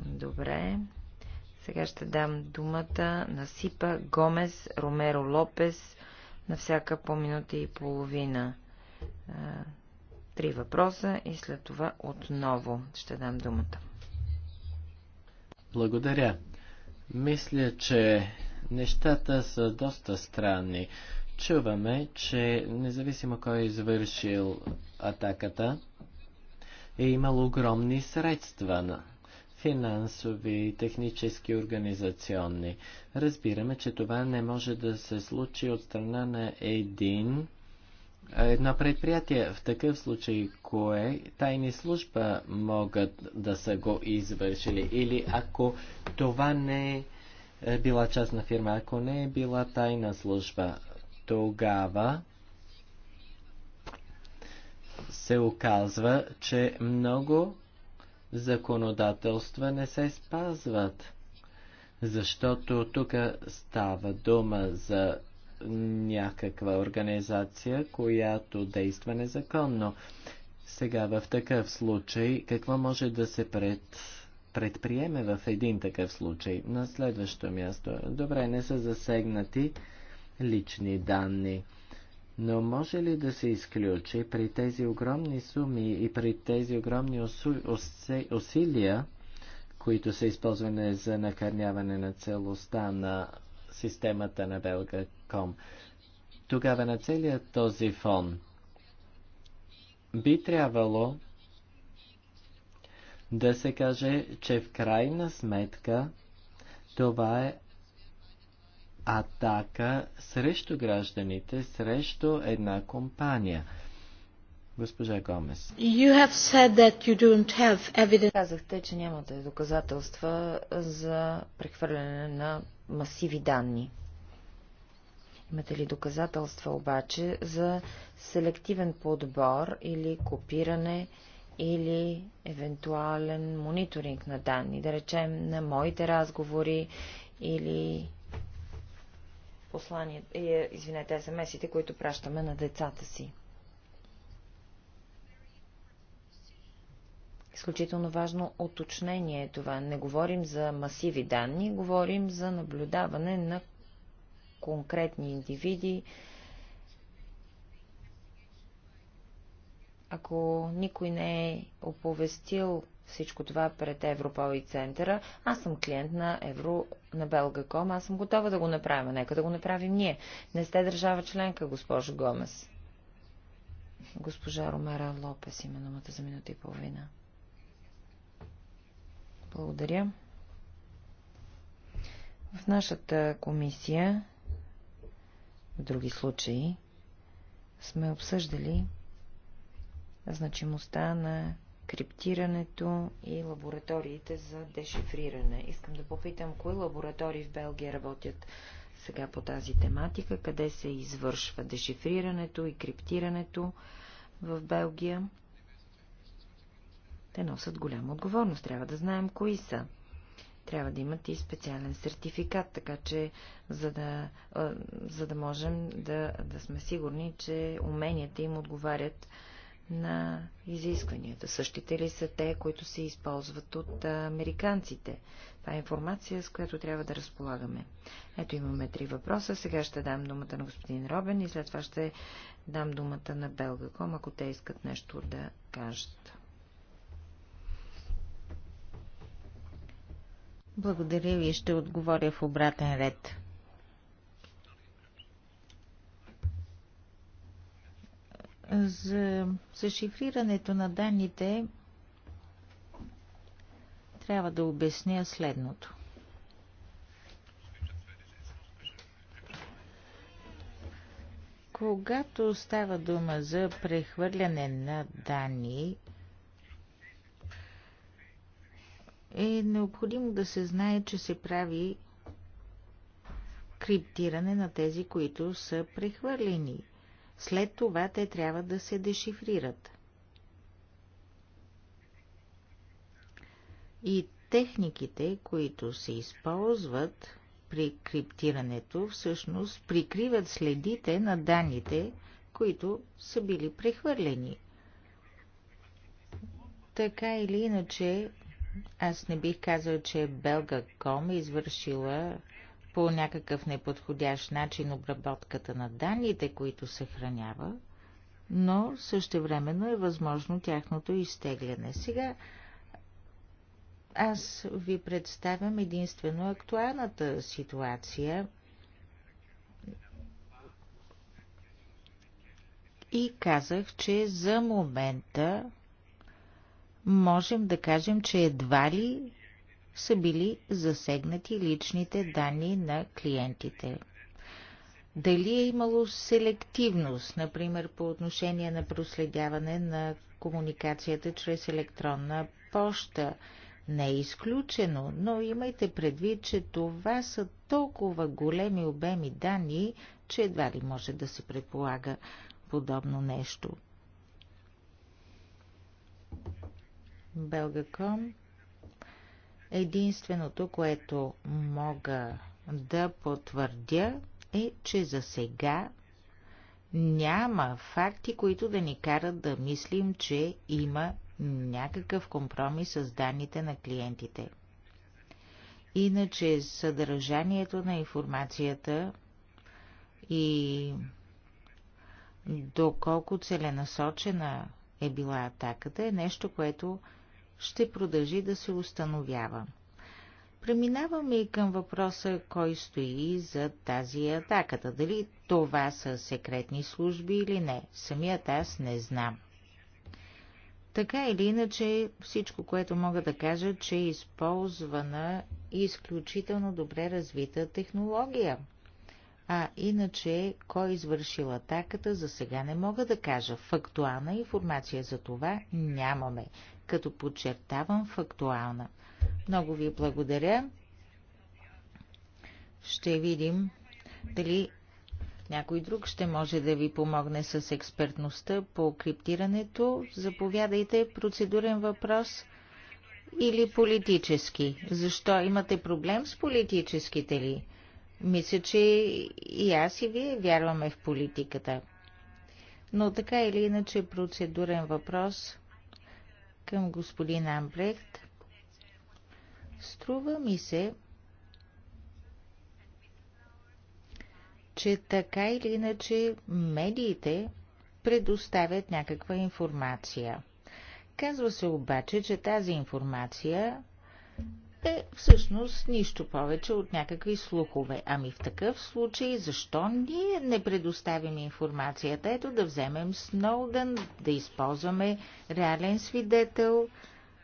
Добре. Сега ще дам думата на Сипа, Гомес, Ромеро Лопес на всяка по минута и половина. три въпроса и след това отново ще дам думата. Благодаря. Мисля, че Нещата са доста странни. Чуваме, че независимо кой е извършил атаката, е имал огромни средства на финансови, технически, организационни. Разбираме, че това не може да се случи от страна на един едно предприятие. В такъв случай, кое тайни служба могат да са го извършили? Или ако това не е е била частна фирма, ако не е била тайна служба, тогава се оказва, че много законодателства не се спазват, защото тук става дума за някаква организация, която действа незаконно. Сега в такъв случай какво може да се пред предприеме в един такъв случай? На следващо място. Добре, не са засегнати лични данни. Но може ли да се изключи при тези огромни суми и при тези огромни усилия, които са използвани за накърняване на целостта на системата на Белгаком? Тогава на целият този фон би трябвало да се каже, че в крайна сметка това е атака срещу гражданите, срещу една компания. Госпожа Гомес. You have said that you don't have evidence. Казахте, че нямате доказателства за прехвърляне на масиви данни. Имате ли доказателства обаче за селективен подбор или копиране или евентуален мониторинг на данни, да речем на моите разговори или послания, е, извинете, смс-ите, които пращаме на децата си. Изключително важно оточнение е това. Не говорим за масиви данни, говорим за наблюдаване на конкретни индивиди, Ако никой не е оповестил всичко това пред Европол и Центъра, аз съм клиент на Евро на Белгаком, аз съм готова да го направя. Нека да го направим ние. Не сте държава членка, госпожо Гомес. Госпожа Ромера Лопес има думата за минута и половина. Благодаря. В нашата комисия, в други случаи, сме обсъждали значимостта на криптирането и лабораториите за дешифриране. Искам да попитам, кои лаборатории в Белгия работят сега по тази тематика, къде се извършва дешифрирането и криптирането в Белгия. Те носят голяма отговорност, трябва да знаем кои са. Трябва да имат и специален сертификат, така че, за да, за да можем да, да сме сигурни, че уменията им отговарят на изискванията. Същите ли са те, които се използват от американците? Това е информация, с която трябва да разполагаме. Ето имаме три въпроса. Сега ще дам думата на господин Робен и след това ще дам думата на Белгаком, ако те искат нещо да кажат. Благодаря ви. Ще отговоря в обратен ред. За зашифрирането на данните трябва да обясня следното. Когато става дума за прехвърляне на данни, е необходимо да се знае, че се прави криптиране на тези, които са прехвърлени. След това те трябва да се дешифрират. И техниките, които се използват при криптирането, всъщност прикриват следите на данните, които са били прехвърлени. Така или иначе, аз не бих казал, че Белгаком е извършила по някакъв неподходящ начин обработката на данните, които съхранява, но същевременно е възможно тяхното изтегляне. Сега аз ви представям единствено актуалната ситуация и казах, че за момента можем да кажем, че едва ли са били засегнати личните данни на клиентите. Дали е имало селективност, например по отношение на проследяване на комуникацията чрез електронна поща? Не е изключено, но имайте предвид, че това са толкова големи обеми данни, че едва ли може да се предполага подобно нещо. Белгаком Единственото, което мога да потвърдя е, че за сега няма факти, които да ни карат да мислим, че има някакъв компромис с данните на клиентите. Иначе съдържанието на информацията и доколко целенасочена е била атаката е нещо, което ще продължи да се установява. Преминаваме и към въпроса, кой стои за тази атаката. Дали това са секретни служби или не, самият аз не знам. Така или иначе, всичко, което мога да кажа, че е използвана изключително добре развита технология. А иначе, кой извършил атаката, за сега не мога да кажа. Фактуална информация за това нямаме като подчертавам фактуална. Много ви благодаря. Ще видим дали някой друг ще може да ви помогне с експертността по криптирането. Заповядайте процедурен въпрос или политически. Защо имате проблем с политическите ли? Мисля, че и аз и вие вярваме в политиката. Но така или иначе процедурен въпрос към господин Амблехт. Струва ми се, че така или иначе медиите предоставят някаква информация. Казва се обаче, че тази информация е всъщност нищо повече от някакви слухове. Ами в такъв случай, защо ние не предоставим информацията? Ето да вземем сноуден, да използваме реален свидетел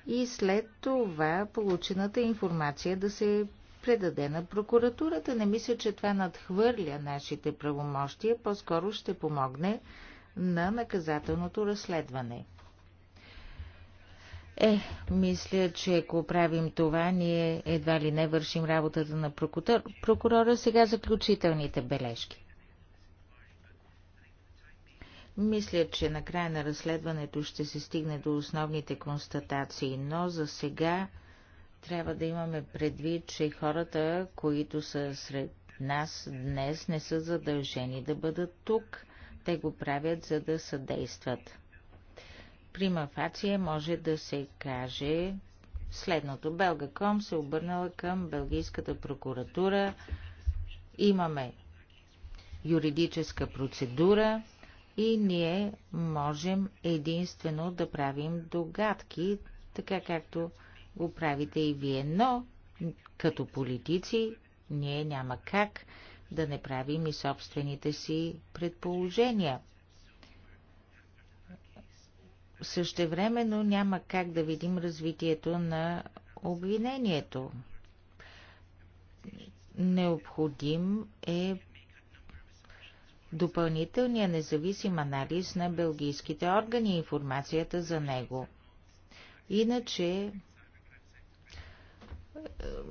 и след това получената информация да се предаде на прокуратурата. Не мисля, че това надхвърля нашите правомощия, по-скоро ще помогне на наказателното разследване. Е, мисля, че ако правим това, ние едва ли не вършим работата на прокурора. Сега заключителните бележки. Мисля, че на края на разследването ще се стигне до основните констатации, но за сега трябва да имаме предвид, че хората, които са сред нас днес, не са задължени да бъдат тук. Те го правят, за да съдействат. Прима фация може да се каже следното. Белгаком се обърнала към Белгийската прокуратура. Имаме юридическа процедура и ние можем единствено да правим догадки, така както го правите и вие. Но като политици ние няма как да не правим и собствените си предположения – Същевременно няма как да видим развитието на обвинението. Необходим е допълнителния независим анализ на белгийските органи и информацията за него. Иначе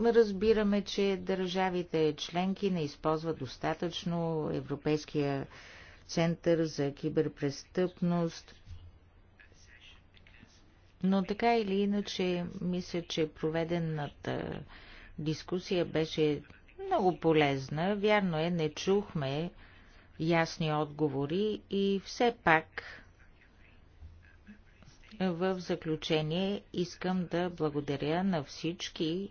разбираме, че държавите членки не използват достатъчно Европейския център за киберпрестъпност. Но така или иначе, мисля, че проведената дискусия беше много полезна. Вярно е, не чухме ясни отговори и все пак в заключение искам да благодаря на всички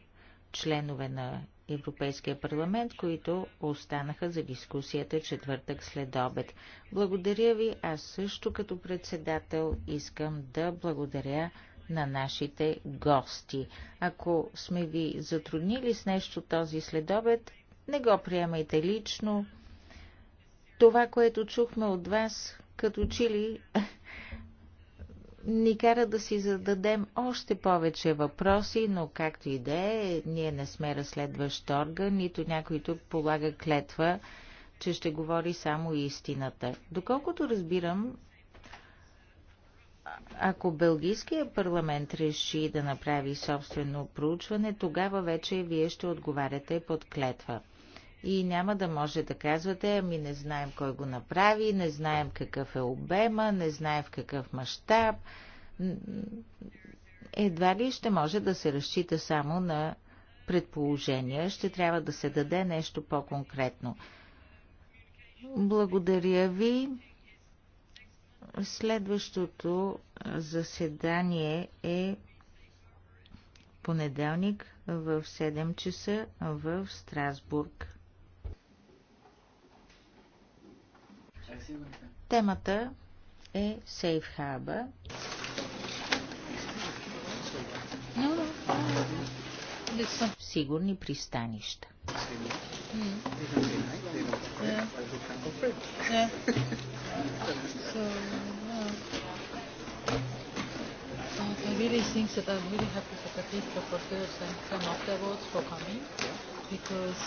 членове на Европейския парламент, които останаха за дискусията четвъртък след обед. Благодаря ви, аз също като председател искам да благодаря на нашите гости. Ако сме ви затруднили с нещо този следобед, не го приемайте лично. Това, което чухме от вас, като че ли ни кара да си зададем още повече въпроси, но както и да е, ние не сме разследващ орган, нито някой тук полага клетва, че ще говори само истината. Доколкото разбирам, ако Белгийския парламент реши да направи собствено проучване, тогава вече вие ще отговаряте под клетва и няма да може да казвате, ами не знаем кой го направи, не знаем какъв е обема, не знаем в какъв мащаб. Едва ли ще може да се разчита само на предположения, ще трябва да се даде нещо по-конкретно. Благодаря ви. Следващото заседание е понеделник в 7 часа в Страсбург. Темата е Safe Harbor. сигурни пристанища. I really think that I'm really happy for the rapporteurs and some of the awards for coming because